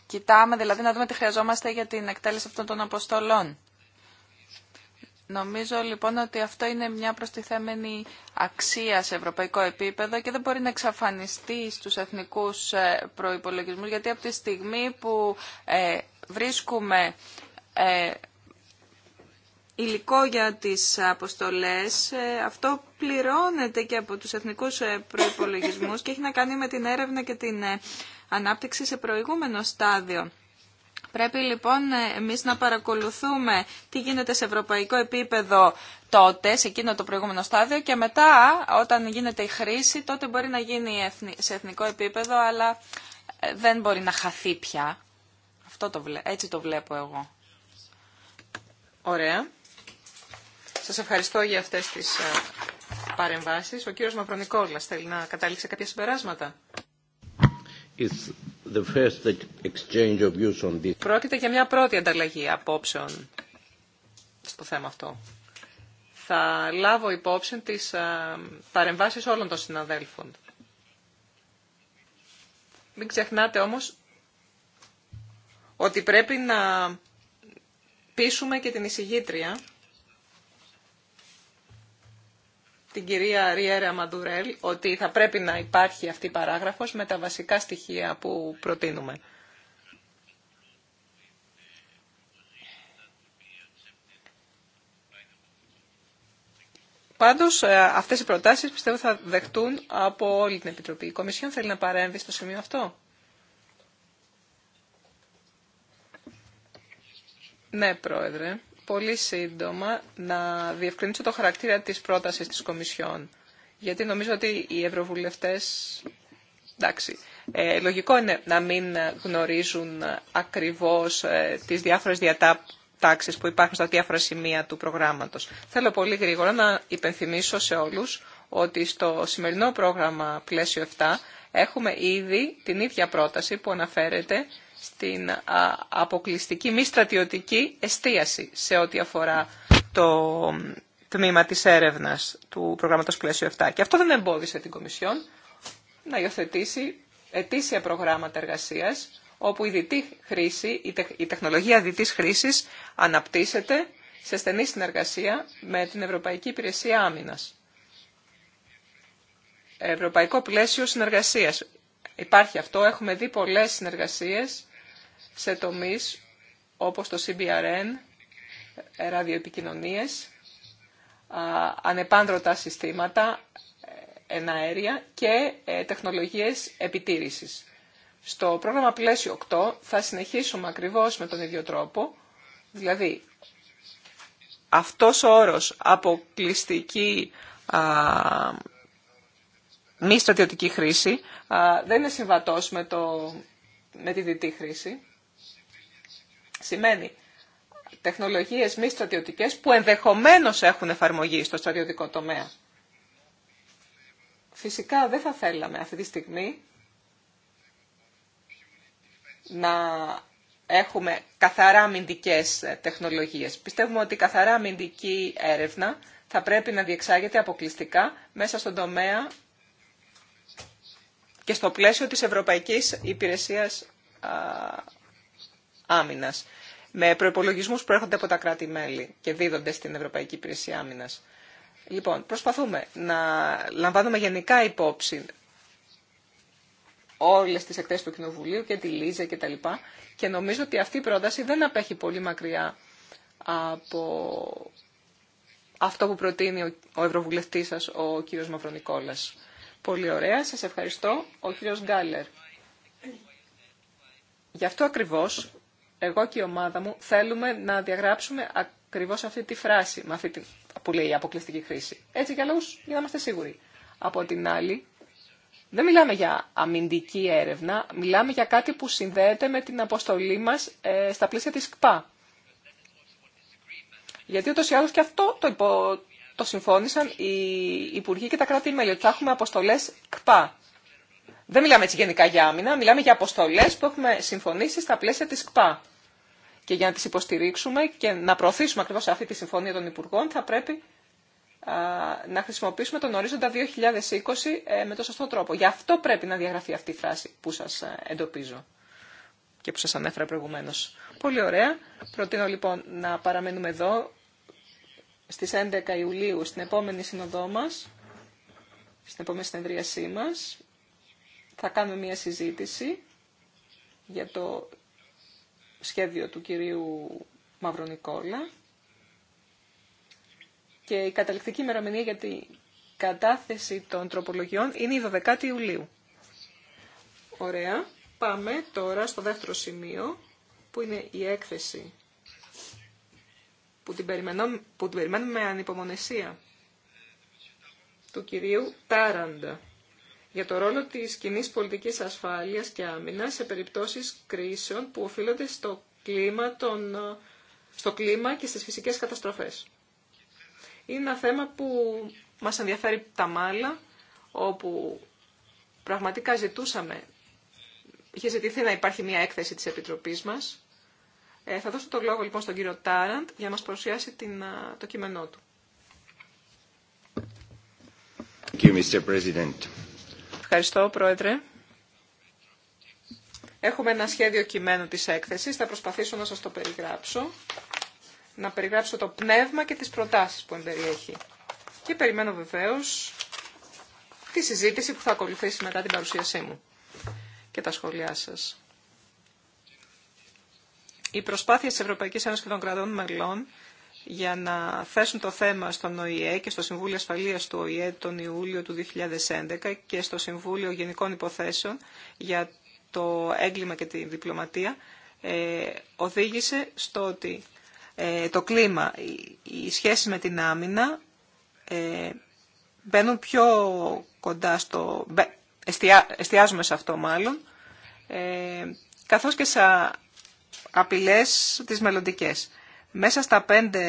Κοιτάμε δηλαδή να δούμε τι χρειαζόμαστε για την εκτέλεση αυτών των αποστολών. Νομίζω λοιπόν ότι αυτό είναι μια προστιθέμενη αξία σε ευρωπαϊκό επίπεδο και δεν μπορεί να εξαφανιστεί στους εθνικούς ε, προϋπολογισμούς γιατί από τη στιγμή που ε, βρίσκουμε ε, υλικό για τις αποστολές, ε, αυτό πληρώνεται και από τους εθνικούς προϋπολογισμούς και έχει να κάνει με την έρευνα και την ανάπτυξη σε προηγούμενο στάδιο. Πρέπει λοιπόν ε, εμείς να παρακολουθούμε τι γίνεται σε ευρωπαϊκό επίπεδο τότε, σε εκείνο το προηγούμενο στάδιο και μετά όταν γίνεται η χρήση τότε μπορεί να γίνει σε εθνικό επίπεδο αλλά ε, δεν μπορεί να χαθεί πια. Αυτό το, έτσι το βλέπω εγώ. Ωραία. Σας ευχαριστώ για αυτές τις ε, παρεμβάσεις. Ο κύριος Μαυρονικόλας θέλει να κατάληξε κάποια συμπεράσματα. Πρόκειται για μια πρώτη ανταλλαγή απόψεων στο θέμα αυτό. Θα λάβω υπόψη τις ε, παρεμβάσεις όλων των συναδέλφων. Μην ξεχνάτε όμως ότι πρέπει να πείσουμε και την εισηγήτρια την κυρία Ριέρα Μαντουρέλ ότι θα πρέπει να υπάρχει αυτή η παράγραφος με τα βασικά στοιχεία που προτείνουμε. Πάντως ε, αυτές οι προτάσεις πιστεύω θα δεχτούν από όλη την Επιτροπή. Η Κομισιόν θέλει να παρέμβει στο σημείο αυτό. Ναι, Πρόεδρε πολύ σύντομα να διευκρινίσω το χαρακτήρα της πρότασης της Κομισιόν. Γιατί νομίζω ότι οι ευρωβουλευτές... Εντάξει, ε, λογικό είναι να μην γνωρίζουν ακριβώς ε, τις διάφορες διατάξεις που υπάρχουν στα διάφορα σημεία του προγράμματος. Θέλω πολύ γρήγορα να υπενθυμίσω σε όλους ότι στο σημερινό πρόγραμμα πλαίσιο 7 έχουμε ήδη την ίδια πρόταση που αναφέρεται στην αποκλειστική μη στρατιωτική εστίαση σε ό,τι αφορά το τμήμα της έρευνας του προγράμματος πλαίσιο 7. Και αυτό δεν εμπόδισε την Κομισιόν να υιοθετήσει ετήσια προγράμματα εργασίας, όπου η, διτή χρήση, η τεχνολογία διτής χρήσης αναπτύσσεται σε στενή συνεργασία με την Ευρωπαϊκή Υπηρεσία Άμυνας. Ευρωπαϊκό πλαίσιο συνεργασίας. Υπάρχει αυτό, έχουμε δει πολλές συνεργασίες σε τομείς όπως το CBRN, ε, ραδιοεπικοινωνίες, ανεπάνδρωτα συστήματα, ε, εναέρια και ε, τεχνολογίες επιτήρησης. Στο πρόγραμμα πλαίσιο 8 θα συνεχίσουμε ακριβώς με τον ίδιο τρόπο, δηλαδή αυτός ο όρος αποκλειστική α, μη στρατιωτική χρήση δεν είναι συμβατός με, το, με τη δυτή χρήση. Σημαίνει τεχνολογίες μη στρατιωτικές που ενδεχομένως έχουν εφαρμογή στο στρατιωτικό τομέα. Φυσικά δεν θα θέλαμε αυτή τη στιγμή να έχουμε καθαρά αμυντικές τεχνολογίες. Πιστεύουμε ότι η καθαρά αμυντική έρευνα θα πρέπει να διεξάγεται αποκλειστικά μέσα στον τομέα και στο πλαίσιο της Ευρωπαϊκής Υπηρεσίας Άμυνας με προπολογισμού που έρχονται από τα κράτη-μέλη και δίδονται στην Ευρωπαϊκή Υπηρεσία Άμυνα. Λοιπόν, προσπαθούμε να λαμβάνουμε γενικά υπόψη όλες τις εκθέσεις του Κοινοβουλίου και τη Λίζα και τα λοιπά και νομίζω ότι αυτή η πρόταση δεν απέχει πολύ μακριά από αυτό που προτείνει ο Ευρωβουλευτής σας, ο κύριος Μαυρονικόλας. Πολύ ωραία, σας ευχαριστώ. Ο κύριος Γκάλερ. Γι' αυτό ακριβώς εγώ και η ομάδα μου θέλουμε να διαγράψουμε ακριβώς αυτή τη φράση, με αυτή που λέει η αποκλειστική χρήση. Έτσι για λόγου για να είμαστε σίγουροι. Από την άλλη, δεν μιλάμε για αμυντική έρευνα, μιλάμε για κάτι που συνδέεται με την αποστολή μας ε, στα πλαίσια της ΚΠΑ. Γιατί ούτω ή άλλω και αυτό το, υπο... το συμφώνησαν οι υπουργοί και τα κράτη-μέλη, ότι θα έχουμε αποστολέ ΚΠΑ. Δεν μιλάμε έτσι γενικά για άμυνα, μιλάμε για αποστολέ που έχουμε συμφωνήσει στα πλαίσια τη ΚΠΑ. Και για να τι υποστηρίξουμε και να προωθήσουμε ακριβώς αυτή τη συμφωνία των Υπουργών θα πρέπει α, να χρησιμοποιήσουμε τον ορίζοντα 2020 ε, με τον σωστό τρόπο. Γι' αυτό πρέπει να διαγραφεί αυτή η φράση που σα ε, εντοπίζω και που σα ανέφερα προηγουμένω. Πολύ ωραία. Προτείνω λοιπόν να παραμένουμε εδώ στι 11 Ιουλίου στην επόμενη συνοδό μα, στην επόμενη συνεδρίασή μα θα κάνουμε μια συζήτηση για το σχέδιο του κυρίου Μαυρονικόλα και η καταληκτική ημερομηνία για την κατάθεση των τροπολογιών είναι η 12η Ιουλίου. Ωραία. Πάμε τώρα στο δεύτερο σημείο που είναι η έκθεση που την, περιμένουμε, που την περιμένουμε με ανυπομονησία του κυρίου Τάραντα για το ρόλο της κοινή πολιτικής ασφάλειας και άμυνας σε περιπτώσεις κρίσεων που οφείλονται στο κλίμα, των, στο κλίμα και στις φυσικές καταστροφές. Είναι ένα θέμα που μας ενδιαφέρει τα μάλα, όπου πραγματικά ζητούσαμε, είχε ζητηθεί να υπάρχει μια έκθεση της Επιτροπής μας. Ε, θα δώσω το λόγο λοιπόν στον κύριο Τάραντ για να μας παρουσιάσει το κείμενό του. Thank President. Ευχαριστώ, Πρόεδρε. Έχουμε ένα σχέδιο κειμένου της έκθεσης. Θα προσπαθήσω να σας το περιγράψω. Να περιγράψω το πνεύμα και τις προτάσεις που εμπεριέχει. Και περιμένω βεβαίως τη συζήτηση που θα ακολουθήσει μετά την παρουσίασή μου και τα σχόλιά σας. Οι προσπάθεια της Ευρωπαϊκής Ένωσης και των κρατών μελών για να θέσουν το θέμα στον ΟΗΕ και στο Συμβούλιο Ασφαλείας του ΟΗΕ τον Ιούλιο του 2011 και στο Συμβούλιο Γενικών Υποθέσεων για το έγκλημα και τη διπλωματία ε, οδήγησε στο ότι ε, το κλίμα, οι σχέση με την άμυνα ε, μπαίνουν πιο κοντά στο... εστιάζουμε σε αυτό μάλλον, καθώς και σε απειλές τις μελλοντικές. Μέσα στα πέντε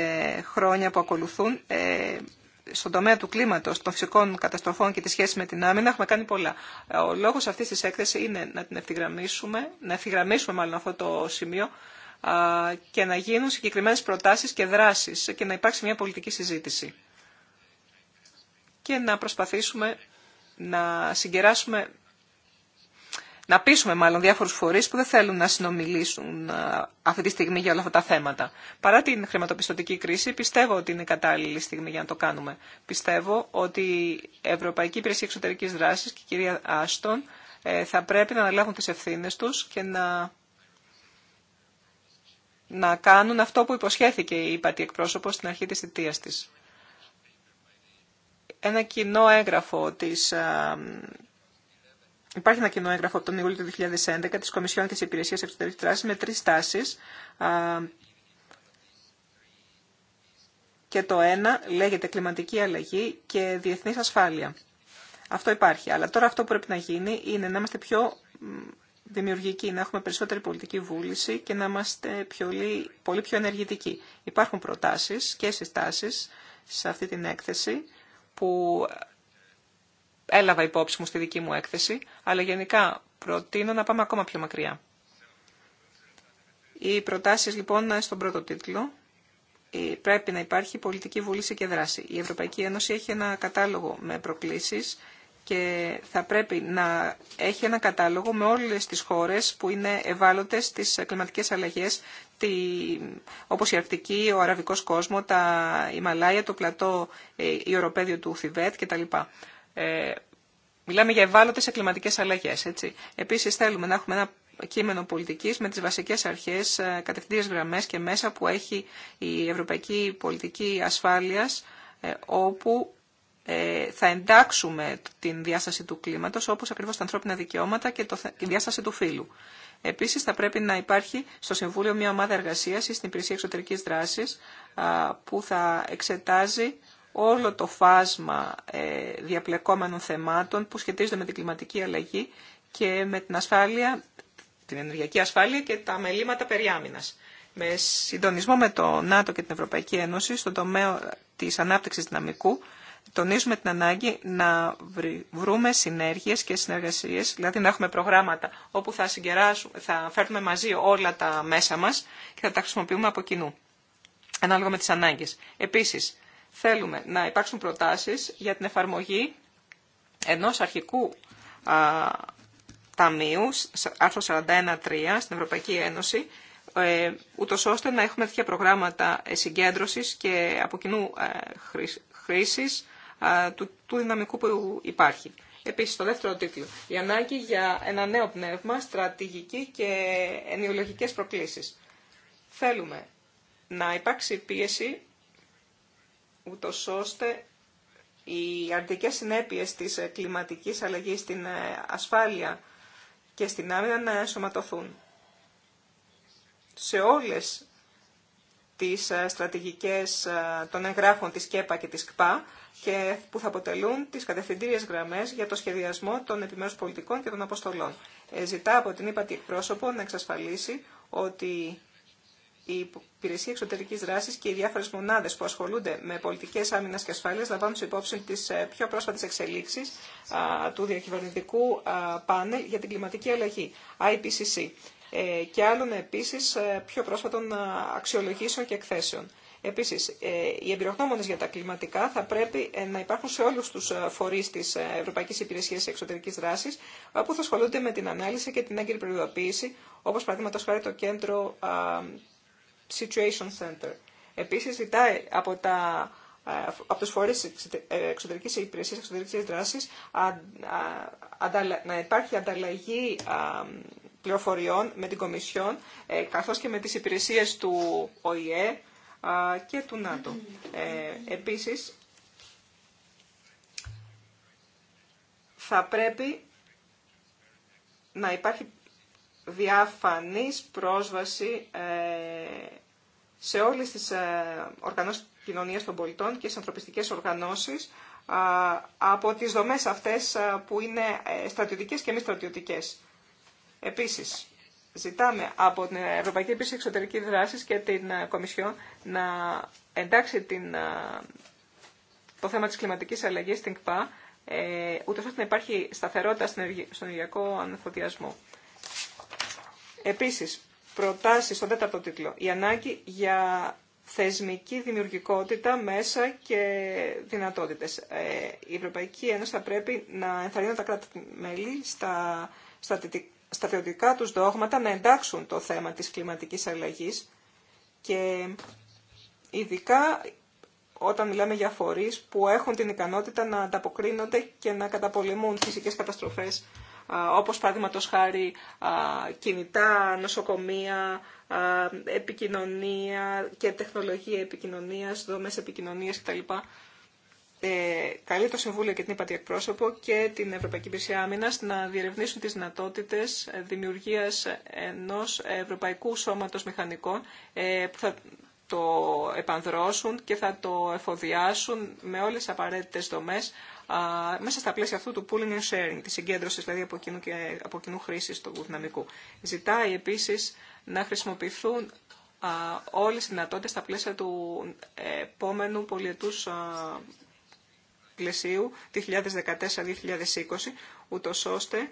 χρόνια που ακολουθούν, ε, στον τομέα του κλίματος, των φυσικών καταστροφών και τη σχέση με την άμυνα, έχουμε κάνει πολλά. Ε, ο λόγος αυτής της έκθεσης είναι να την ευθυγραμμίσουμε, να ευθυγραμμίσουμε μάλλον αυτό το σημείο και να γίνουν συγκεκριμένες προτάσεις και δράσεις και να υπάρξει μια πολιτική συζήτηση. Και να προσπαθήσουμε να συγκεράσουμε να πείσουμε μάλλον διάφορους φορείς που δεν θέλουν να συνομιλήσουν ε, αυτή τη στιγμή για όλα αυτά τα θέματα. Παρά την χρηματοπιστωτική κρίση, πιστεύω ότι είναι κατάλληλη στιγμή για να το κάνουμε. Πιστεύω ότι η Ευρωπαϊκή Υπηρεσία Εξωτερικής Δράσης και η κυρία Άστον ε, θα πρέπει να αναλάβουν τις ευθύνες τους και να, να κάνουν αυτό που υποσχέθηκε η υπατή Εκπρόσωπος στην αρχή της θητείας της. Ένα κοινό έγγραφο της ε, Υπάρχει ένα κοινό έγγραφο από τον Ιούλιο του 2011 της Κομισιόν και τη Υπηρεσία Εξωτερική Τράση με τρει τάσει. Και το ένα λέγεται κλιματική αλλαγή και διεθνής ασφάλεια. Αυτό υπάρχει. Αλλά τώρα αυτό που πρέπει να γίνει είναι να είμαστε πιο δημιουργικοί, να έχουμε περισσότερη πολιτική βούληση και να είμαστε πιο, πολύ πιο ενεργητικοί. Υπάρχουν προτάσεις και συστάσεις σε αυτή την έκθεση που έλαβα υπόψη μου στη δική μου έκθεση, αλλά γενικά προτείνω να πάμε ακόμα πιο μακριά. Οι προτάσεις λοιπόν στον πρώτο τίτλο ε, πρέπει να υπάρχει πολιτική βούληση και δράση. Η Ευρωπαϊκή Ένωση έχει ένα κατάλογο με προκλήσεις και θα πρέπει να έχει ένα κατάλογο με όλες τις χώρες που είναι ευάλωτες στις κλιματικές αλλαγές, τη, όπως η Αρκτική, ο Αραβικός κόσμο, τα Ιμαλάια, το πλατό, ε, η Οροπέδιο του Θιβέτ κτλ. Ε, μιλάμε για ευάλωτε κλιματικές αλλαγές. Έτσι. Επίσης θέλουμε να έχουμε ένα κείμενο πολιτικής με τις βασικές αρχές, ε, κατευθυντήρες γραμμέ και μέσα που έχει η Ευρωπαϊκή Πολιτική Ασφάλειας, ε, όπου θα εντάξουμε την διάσταση του κλίματος, όπως ακριβώς τα ανθρώπινα δικαιώματα και τη διάσταση του φύλου. Επίσης, θα πρέπει να υπάρχει στο Συμβούλιο μια ομάδα εργασία ή στην Υπηρεσία Εξωτερική δράση που θα εξετάζει όλο το φάσμα ε, διαπλεκόμενων θεμάτων που σχετίζονται με την κλιματική αλλαγή και με την ασφάλεια, την ενεργειακή ασφάλεια και τα μελήματα περιάμινας. Με συντονισμό με το ΝΑΤΟ και την Ευρωπαϊκή Ένωση στον τομέα της ανάπτυξης δυναμικού τονίζουμε την ανάγκη να βρούμε συνέργειες και συνεργασίες, δηλαδή να έχουμε προγράμματα όπου θα, θα φέρνουμε μαζί όλα τα μέσα μας και θα τα χρησιμοποιούμε από κοινού, ανάλογα με τις ανάγκες. Επίσης, Θέλουμε να υπάρξουν προτάσεις για την εφαρμογή ενός αρχικού α, ταμείου, άρθρο 41.3 στην Ευρωπαϊκή Ένωση, ε, ούτως ώστε να έχουμε τέτοια προγράμματα ε, συγκέντρωσης και από κοινού ε, του, δυναμικού που υπάρχει. Επίσης, το δεύτερο τίτλο, η ανάγκη για ένα νέο πνεύμα, στρατηγική και ενοιολογικές προκλήσεις. Θέλουμε να υπάρξει πίεση ούτω ώστε οι αρνητικές συνέπειες της ε, κλιματικής αλλαγής στην ε, ασφάλεια και στην άμυνα να ενσωματωθούν. Σε όλες τις ε, στρατηγικές των εγγράφων της ΚΕΠΑ και της ΚΠΑ και που θα αποτελούν τις κατευθυντήριες γραμμές για το σχεδιασμό των επιμέρους πολιτικών και των αποστολών. Ζητά από την ύπατη εκπρόσωπο να εξασφαλίσει ότι η Υπηρεσία Εξωτερική Δράση και οι διάφορε μονάδε που ασχολούνται με πολιτικέ άμυνα και ασφάλεια λαμβάνουν σε υπόψη τι ε, πιο πρόσφατε εξελίξει του διακυβερνητικού πάνελ για την κλιματική αλλαγή, IPCC, ε, και άλλων επίση ε, πιο πρόσφατων αξιολογήσεων και εκθέσεων. Επίση, οι εμπειρογνώμονε για τα κλιματικά θα πρέπει να υπάρχουν σε όλου του φορεί τη Ευρωπαϊκή Υπηρεσία Εξωτερική Δράση που θα ασχολούνται με την ανάλυση και την έγκυρη προειδοποίηση, όπω παραδείγματο χάρη το Κέντρο Situation Center. Επίσης ζητάει από, τα, ε, από τους φορείς ε, εξωτερικής υπηρεσίας, εξωτερικής δράσης να υπάρχει ανταλλαγή πληροφοριών με την Κομισιόν ε, καθώς και με τις υπηρεσίες του ΟΗΕ και του ΝΑΤΟ. Επίσης θα πρέπει να υπάρχει διαφανής πρόσβαση ε, σε όλες τις ε, οργανώσεις κοινωνίας των πολιτών και σε ανθρωπιστικές οργανώσεις από τις δομές αυτές ε, που είναι στρατιωτικές και μη στρατιωτικές. Επίσης, ζητάμε από την Ευρωπαϊκή Επίσης Εξωτερική Δράση και την Κομισιό να εντάξει την, το θέμα της κλιματικής αλλαγής στην ΚΠΑ, ούτως ώστε να υπάρχει σταθερότητα στον ενεργειακό ανεφοδιασμό. Επίσης, προτάσεις στον τέταρτο τίτλο. Η ανάγκη για θεσμική δημιουργικότητα, μέσα και δυνατότητες. Ε, η Ευρωπαϊκή Ένωση θα πρέπει να ενθαρρύνει τα κράτη-μέλη στα, στρατιωτικά τους δόγματα να εντάξουν το θέμα της κλιματικής αλλαγής και ειδικά όταν μιλάμε για φορείς που έχουν την ικανότητα να ανταποκρίνονται και να καταπολεμούν φυσικές καταστροφές όπως παραδείγματος χάρη κινητά, νοσοκομεία, επικοινωνία και τεχνολογία επικοινωνίας, δομές επικοινωνίας κτλ. Ε, καλεί το Συμβούλιο και την ΥΠΑΤΗ εκπρόσωπο και την Ευρωπαϊκή Υπηρεσία Άμυνα να διερευνήσουν τι δυνατότητε δημιουργία ενό Ευρωπαϊκού Σώματο Μηχανικών ε, που θα το επανδρώσουν και θα το εφοδιάσουν με όλες τι απαραίτητες δομέ μέσα στα πλαίσια αυτού του pooling and sharing, τη συγκέντρωση δηλαδή από κοινού, και, χρήσης του δυναμικού. Ζητάει επίσης να χρησιμοποιηθούν α, όλες οι δυνατότητες στα πλαίσια του επόμενου πολιετούς α, πλαισίου 2014-2020, ούτως ώστε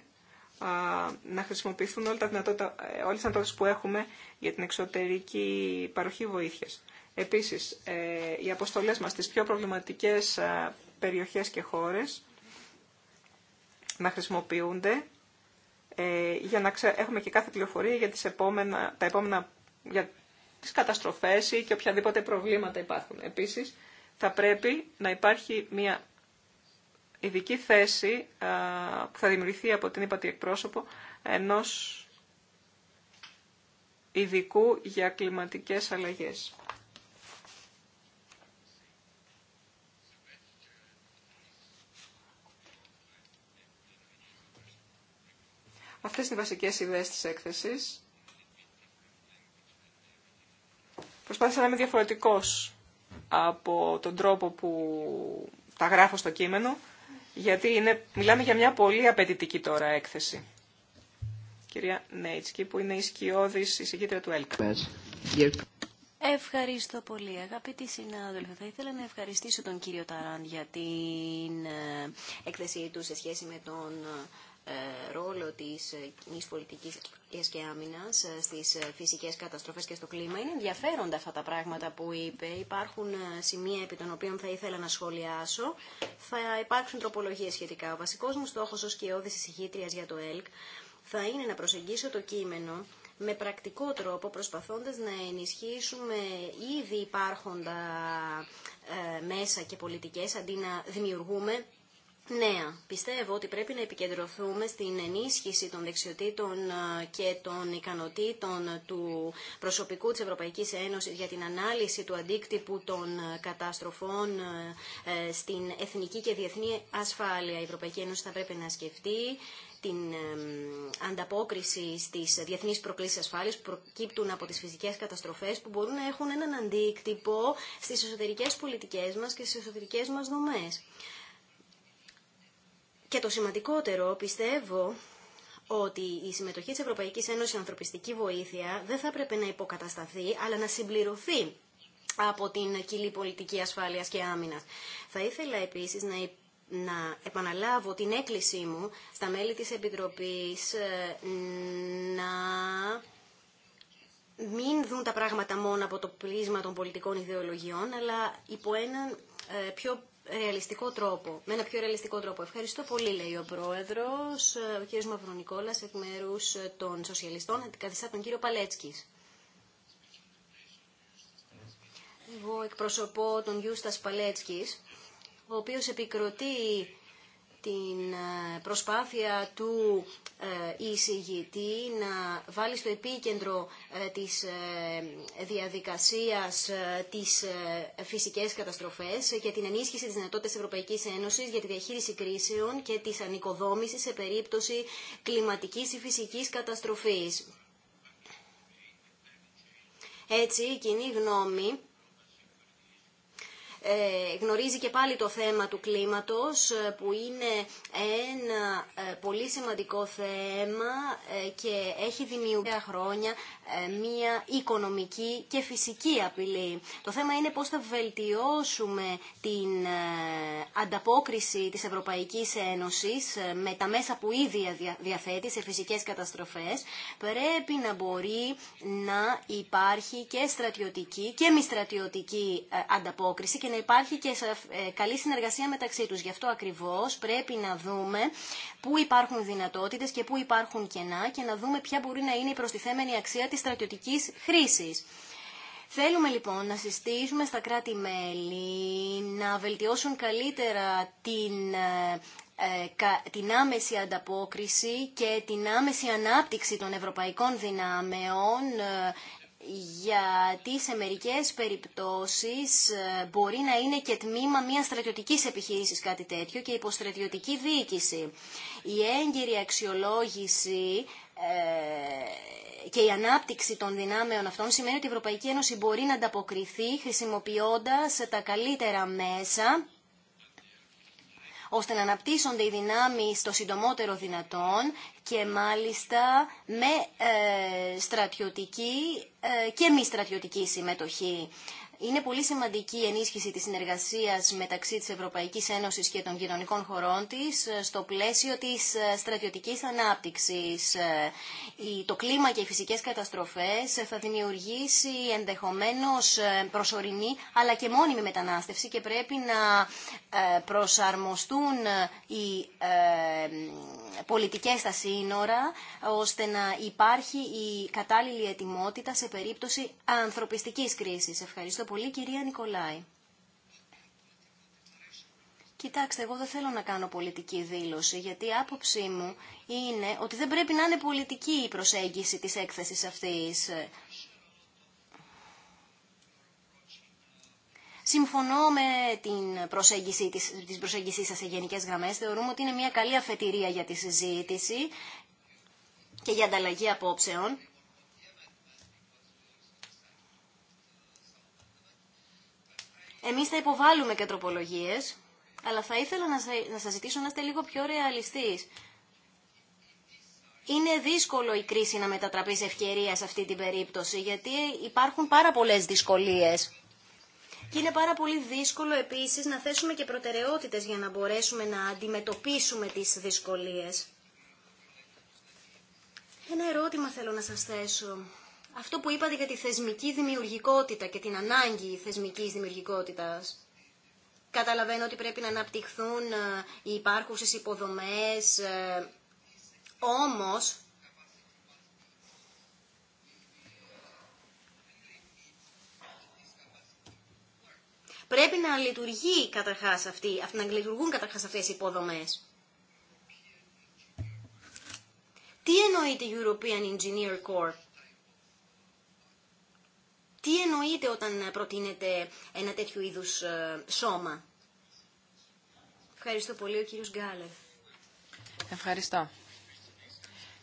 να χρησιμοποιηθούν όλες τις δυνατότητες που έχουμε για την εξωτερική παροχή βοήθειας. Επίσης, ε, οι αποστολές μας στις πιο προβληματικές περιοχές και χώρες να χρησιμοποιούνται ε, για να έχουμε και κάθε πληροφορία για τις επόμενα, τα επόμενα, για τις καταστροφές ή και οποιαδήποτε προβλήματα υπάρχουν. Επίσης, θα πρέπει να υπάρχει μια ειδική θέση που θα δημιουργηθεί από την ύπατη εκπρόσωπο ενός ειδικού για κλιματικές αλλαγές. Αυτές είναι οι βασικές ιδέες της έκθεσης. Προσπάθησα να είμαι διαφορετικός από τον τρόπο που τα γράφω στο κείμενο, γιατί είναι, μιλάμε για μια πολύ απαιτητική τώρα έκθεση. Κυρία Νέιτσκι, που είναι η σκιώδης εισηγήτρια του ΕΛΚ. Ευχαριστώ πολύ αγαπητοί συνάδελφοι. Θα ήθελα να ευχαριστήσω τον κύριο Ταράν για την ε, έκθεσή του σε σχέση με τον ε, ρόλο της κοινή ε, πολιτικής και άμυνας ε, στις φυσικές καταστροφές και στο κλίμα. Είναι ενδιαφέροντα αυτά τα πράγματα που είπε. Υπάρχουν σημεία επί των οποίων θα ήθελα να σχολιάσω. Θα υπάρξουν τροπολογίες σχετικά. Ο βασικός μου στόχος ως κοιόδης εισηγήτριας για το ΕΛΚ θα είναι να προσεγγίσω το κείμενο με πρακτικό τρόπο προσπαθώντας να ενισχύσουμε ήδη υπάρχοντα μέσα και πολιτικές αντί να δημιουργούμε νέα. Πιστεύω ότι πρέπει να επικεντρωθούμε στην ενίσχυση των δεξιοτήτων ε, και των ικανοτήτων του προσωπικού της Ευρωπαϊκής Ένωσης για την ανάλυση του αντίκτυπου των ε, καταστροφών ε, στην εθνική και διεθνή ασφάλεια. Η Ευρωπαϊκή Ένωση θα πρέπει να σκεφτεί την ανταπόκριση στις διεθνείς προκλήσεις ασφάλειας που προκύπτουν από τις φυσικές καταστροφές που μπορούν να έχουν έναν αντίκτυπο στις εσωτερικές πολιτικές μας και στις εσωτερικές μας δομές. Και το σημαντικότερο, πιστεύω, ότι η συμμετοχή της Ευρωπαϊκής Ένωσης στην ανθρωπιστική βοήθεια δεν θα έπρεπε να υποκατασταθεί, αλλά να συμπληρωθεί από την κοινή πολιτική ασφάλειας και άμυνας. Θα ήθελα επίσης να να επαναλάβω την έκκλησή μου στα μέλη της Επιτροπής ε, να μην δουν τα πράγματα μόνο από το πλείσμα των πολιτικών ιδεολογιών, αλλά υπό έναν ε, πιο ρεαλιστικό τρόπο, με ένα πιο ρεαλιστικό τρόπο. Ευχαριστώ πολύ, λέει ο Πρόεδρο, ο κ. Μαυρονικόλα, εκ μέρου ε, των Σοσιαλιστών, αντικαθιστά τον κύριο Παλέτσκη. Εγώ εκπροσωπώ τον Γιούστας Παλέτσκης, ο οποίος επικροτεί την ε, προσπάθεια του ε, εισηγητή να βάλει στο επίκεντρο ε, της διαδικασίας τις φυσικές καταστροφές και την ενίσχυση της δυνατότητας Ευρωπαϊκής Ένωσης για τη διαχείριση κρίσεων και της ανοικοδόμησης σε περίπτωση κλιματικής ή φυσικής καταστροφής. Έτσι, η κοινή γνώμη ε, γνωρίζει και πάλι το θέμα του κλίματος ε, που είναι ένα ε, πολύ σημαντικό θέμα και έχει δημιουργήσει χρόνια μια οικονομική και φυσική απειλή. Το θέμα είναι πώς θα βελτιώσουμε την ανταπόκριση της Ευρωπαϊκής Ένωσης με τα μέσα που ήδη διαθέτει σε φυσικές καταστροφές. Πρέπει να μπορεί να υπάρχει και στρατιωτική και μη στρατιωτική ανταπόκριση υπάρχει και ε, καλή συνεργασία μεταξύ τους. Γι' αυτό ακριβώς πρέπει να δούμε πού υπάρχουν δυνατότητες και πού υπάρχουν κενά και να δούμε ποια μπορεί να είναι η προστιθέμενη αξία της στρατιωτικής χρήσης. Θέλουμε λοιπόν να συστήσουμε στα κράτη-μέλη να βελτιώσουν καλύτερα την, ε, ε, την άμεση ανταπόκριση και την άμεση ανάπτυξη των ευρωπαϊκών δυνάμεων γιατί σε μερικές περιπτώσεις ε, μπορεί να είναι και τμήμα μιας στρατιωτικής επιχείρησης κάτι τέτοιο και υποστρατιωτική διοίκηση. Η έγκυρη αξιολόγηση ε, και η ανάπτυξη των δυνάμεων αυτών σημαίνει ότι η Ευρωπαϊκή Ένωση μπορεί να ανταποκριθεί χρησιμοποιώντας τα καλύτερα μέσα ώστε να αναπτύσσονται οι δυνάμεις το συντομότερο δυνατόν και μάλιστα με ε, στρατιωτική ε, και μη στρατιωτική συμμετοχή. Είναι πολύ σημαντική η ενίσχυση της συνεργασίας μεταξύ της Ευρωπαϊκής Ένωσης και των κοινωνικών χωρών της ε, στο πλαίσιο της ε, στρατιωτικής ανάπτυξης. Ε, το κλίμα και οι φυσικές καταστροφές θα δημιουργήσει ενδεχομένως προσωρινή αλλά και μόνιμη μετανάστευση και πρέπει να προσαρμοστούν οι πολιτικές στα σύνορα ώστε να υπάρχει η κατάλληλη ετοιμότητα σε περίπτωση ανθρωπιστικής κρίσης. Ευχαριστώ πολύ κυρία Νικολάη. Κοιτάξτε, εγώ δεν θέλω να κάνω πολιτική δήλωση, γιατί η άποψή μου είναι ότι δεν πρέπει να είναι πολιτική η προσέγγιση της έκθεσης αυτής. Συμφωνώ με την προσέγγιση της, της προσέγγισή σας σε γενικές γραμμές. Θεωρούμε ότι είναι μια καλή αφετηρία για τη συζήτηση και για ανταλλαγή απόψεων. Εμείς θα υποβάλουμε και τροπολογίε, αλλά θα ήθελα να σας ζητήσω να είστε λίγο πιο ρεαλιστείς. Είναι δύσκολο η κρίση να μετατραπεί σε ευκαιρία σε αυτή την περίπτωση, γιατί υπάρχουν πάρα πολλές δυσκολίες. Και είναι πάρα πολύ δύσκολο επίσης να θέσουμε και προτεραιότητες για να μπορέσουμε να αντιμετωπίσουμε τις δυσκολίες. Ένα ερώτημα θέλω να σας θέσω αυτό που είπατε για τη θεσμική δημιουργικότητα και την ανάγκη θεσμικής δημιουργικότητας. Καταλαβαίνω ότι πρέπει να αναπτυχθούν ε, οι υπάρχουσες υποδομές, ε, όμως πρέπει να λειτουργεί καταρχάς αυτή, να λειτουργούν καταρχάς αυτές οι υποδομές. Τι εννοείται European Engineer Corps? Τι εννοείται όταν προτείνεται ένα τέτοιου είδους ε, σώμα. Ευχαριστώ πολύ ο κύριος Γκάλερ. Ευχαριστώ.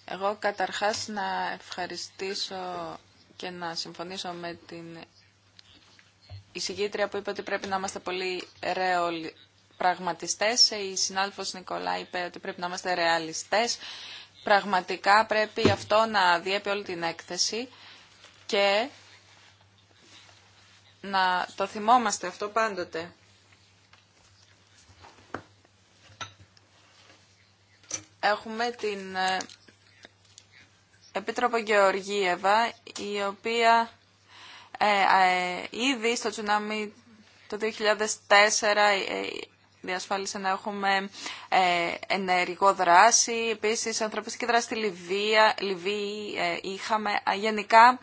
Εγώ καταρχάς να ευχαριστήσω και να συμφωνήσω με την εισηγήτρια που είπε ότι πρέπει να είμαστε πολύ ρεολοι πραγματιστές. Η συνάδελφος Νικολά είπε ότι πρέπει να είμαστε ρεαλιστές. Πραγματικά πρέπει αυτό να διέπει όλη την έκθεση και να το θυμόμαστε αυτό πάντοτε. Έχουμε την ε, Επίτροπο Γεωργίευα, η οποία ε, ε, ήδη στο τσουνάμι το 2004 διασφάλισε να έχουμε ενεργό δράση. Επίσης, ανθρωπιστική δράση στη Λιβύη είχαμε γενικά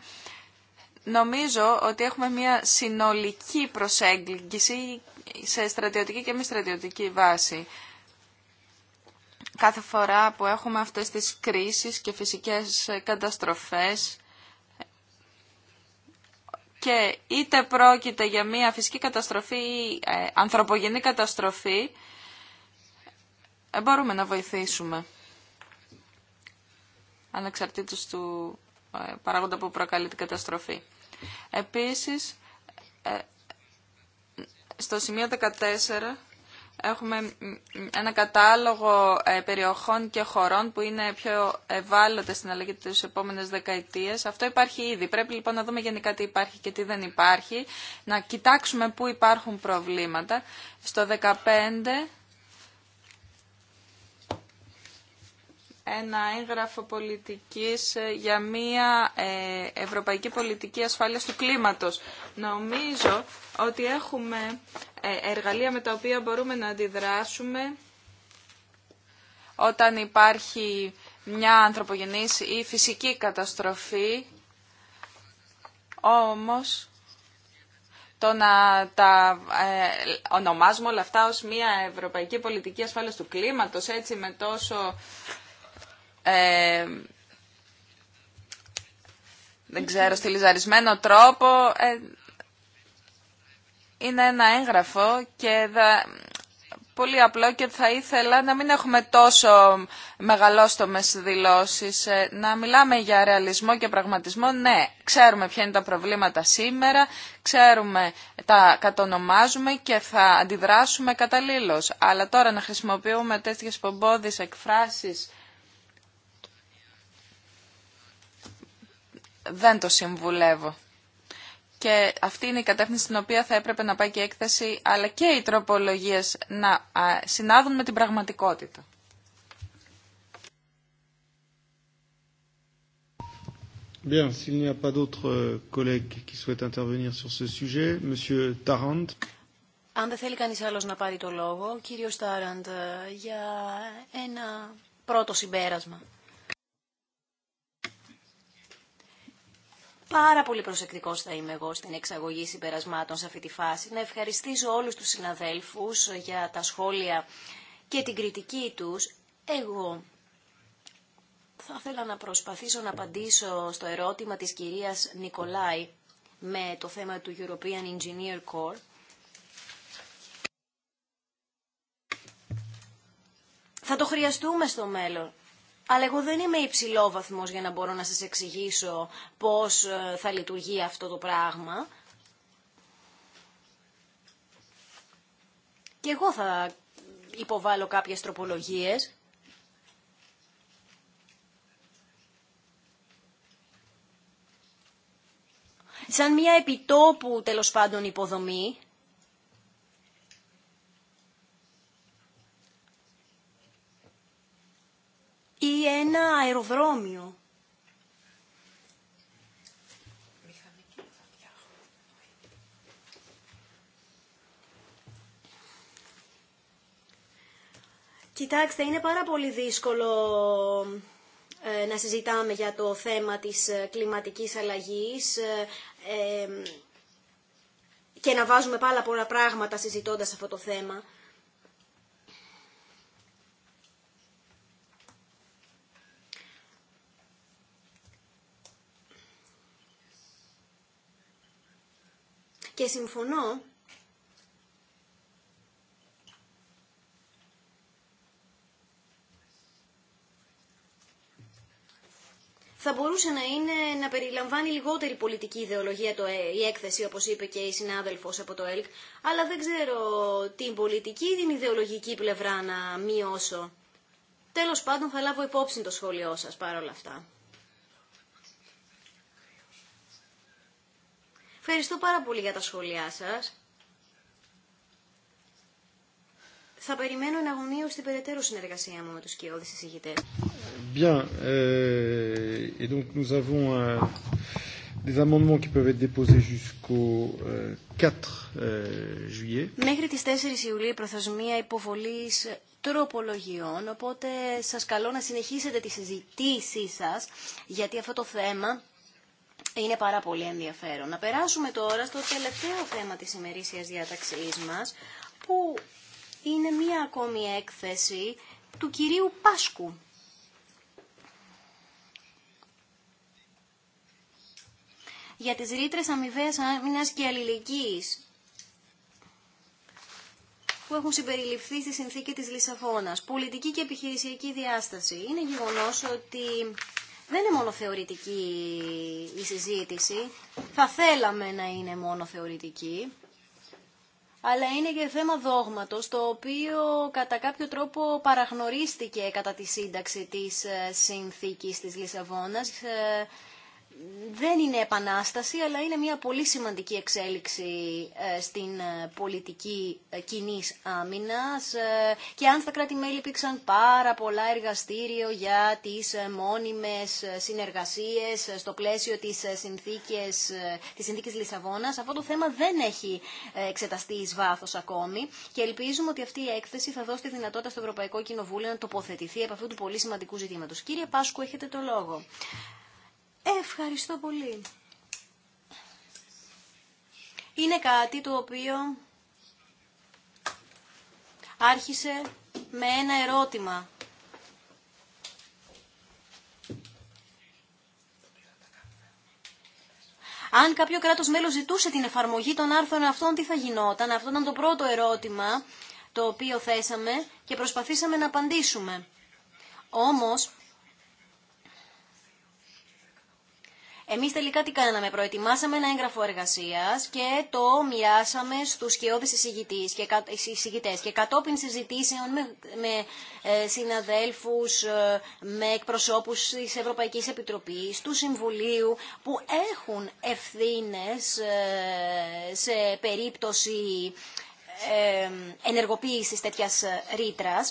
Νομίζω ότι έχουμε μια συνολική προσέγγιση σε στρατιωτική και μη στρατιωτική βάση. Κάθε φορά που έχουμε αυτές τις κρίσεις και φυσικές καταστροφές και είτε πρόκειται για μια φυσική καταστροφή ή ε, ανθρωπογενή καταστροφή, ε, μπορούμε να βοηθήσουμε ανεξαρτήτως του ε, παράγοντα που προκαλεί την καταστροφή. Επίσης, ε, στο σημείο 14 έχουμε ένα κατάλογο ε, περιοχών και χωρών που είναι πιο ευάλωτες στην αλλαγή του επόμενες δεκαετίες. Αυτό υπάρχει ήδη. Πρέπει λοιπόν να δούμε γενικά τι υπάρχει και τι δεν υπάρχει, να κοιτάξουμε πού υπάρχουν προβλήματα. Στο 15 ένα έγγραφο πολιτικής ε, για μια ε, ευρωπαϊκή πολιτική ασφάλειας του κλίματος. Νομίζω ότι έχουμε ε, εργαλεία με τα οποία μπορούμε να αντιδράσουμε όταν υπάρχει μια ανθρωπογενής ή φυσική καταστροφή. Όμως, το να τα ονομάζουμε όλα αυτά ως μια ευρωπαϊκή πολιτική ασφάλειας του κλίματος, έτσι με τόσο ε, δεν ξέρω, στυλιζαρισμένο τρόπο. Ε, είναι ένα έγγραφο και πολύ απλό και θα ήθελα να μην έχουμε τόσο μεγαλόστομες δηλώσεις, ε, να μιλάμε για ρεαλισμό και πραγματισμό. Ναι, ξέρουμε ποια είναι τα προβλήματα σήμερα, ξέρουμε, τα κατονομάζουμε και θα αντιδράσουμε καταλήλως. Αλλά τώρα να χρησιμοποιούμε τέτοιες πομπόδεις εκφράσεις δεν το συμβουλεύω. Και αυτή είναι η κατεύθυνση στην οποία θα έπρεπε να πάει και η έκθεση, αλλά και οι τροπολογίες να συνάδουν με την πραγματικότητα. Bien, Αν δεν θέλει κανείς άλλος να πάρει το λόγο, κύριος Τάραντ, ε, για ένα πρώτο συμπέρασμα. Πάρα πολύ προσεκτικός θα είμαι εγώ στην εξαγωγή συμπερασμάτων σε αυτή τη φάση. Να ευχαριστήσω όλους τους συναδέλφους για τα σχόλια και την κριτική τους. Εγώ θα ήθελα να προσπαθήσω να απαντήσω στο ερώτημα της κυρίας Νικολάη με το θέμα του European Engineer Corps. Θα το χρειαστούμε στο μέλλον. Αλλά εγώ δεν είμαι βαθμός για να μπορώ να σας εξηγήσω πώς ε, θα λειτουργεί αυτό το πράγμα. Και εγώ θα υποβάλω κάποιες τροπολογίες. Σαν μια επιτόπου τέλος πάντων υποδομή, ή ένα αεροδρόμιο. Κοιτάξτε, είναι πάρα πολύ δύσκολο ε, να συζητάμε για το θέμα της ε, κλιματικής αλλαγής ε, και να βάζουμε πάρα πολλά πράγματα συζητώντας αυτό το θέμα. Και συμφωνώ θα μπορούσε να είναι να περιλαμβάνει λιγότερη πολιτική ιδεολογία το, ε, η έκθεση, όπως είπε και η συνάδελφος από το ΕΛΚ, αλλά δεν ξέρω την πολιτική ή την ιδεολογική πλευρά να μειώσω. Τέλος πάντων θα λάβω υπόψη το σχόλιο σας παρόλα αυτά. Ευχαριστώ πάρα πολύ για τα σχόλιά σας. Θα περιμένω εν αγωνίω στην περαιτέρω συνεργασία μου με τους κοιόδης εισηγητές. Bien. Euh, et donc nous avons euh, des amendements qui peuvent être déposés jusqu'au 4 euh, euh, Μέχρι τις 4 Ιουλίου προθεσμία υποβολής τροπολογιών, οπότε σας καλώ να συνεχίσετε τη συζητήσή σας, γιατί αυτό το θέμα είναι πάρα πολύ ενδιαφέρον. Να περάσουμε τώρα στο τελευταίο θέμα της ημερήσιας διάταξής μας, που είναι μία ακόμη έκθεση του κυρίου Πάσκου. Για τις ρήτρες αμοιβαίας άμυνας και αλληλεγγύης που έχουν συμπεριληφθεί στη συνθήκη της Λισαβόνας. Πολιτική και επιχειρησιακή διάσταση. Είναι γεγονός ότι δεν είναι μόνο θεωρητική η συζήτηση. Θα θέλαμε να είναι μόνο θεωρητική. Αλλά είναι και θέμα δόγματος, το οποίο κατά κάποιο τρόπο παραγνωρίστηκε κατά τη σύνταξη της ε, συνθήκης της Λισαβόνας ε, δεν είναι επανάσταση, αλλά είναι μια πολύ σημαντική εξέλιξη ε, στην ε, πολιτική ε, κοινή άμυνα. Και αν στα κράτη-μέλη υπήρξαν πάρα πολλά εργαστήριο για τις μόνιμες συνεργασίες στο πλαίσιο της συνθήκης, της Λισαβόνας, αυτό το θέμα δεν έχει εξεταστεί ει βάθος ακόμη και ελπίζουμε ότι αυτή η έκθεση θα δώσει τη δυνατότητα στο Ευρωπαϊκό Κοινοβούλιο να τοποθετηθεί από αυτού του πολύ σημαντικού ζητήματος. Κύριε Πάσκου, έχετε το λόγο. Ευχαριστώ πολύ. Είναι κάτι το οποίο άρχισε με ένα ερώτημα. Αν κάποιο κράτος μέλος ζητούσε την εφαρμογή των άρθρων αυτών, τι θα γινόταν. Αυτό ήταν το πρώτο ερώτημα το οποίο θέσαμε και προσπαθήσαμε να απαντήσουμε. Όμως, Εμείς τελικά τι κάναμε, προετοιμάσαμε ένα έγγραφο εργασίας και το μοιράσαμε στους σκιώδεις εισηγητές και κατόπιν συζητήσεων με, με ε, συναδέλφους, ε, με εκπροσώπους της Ευρωπαϊκής Επιτροπής, του Συμβουλίου που έχουν ευθύνες ε, σε περίπτωση ενεργοποίησης τέτοια ρήτρα.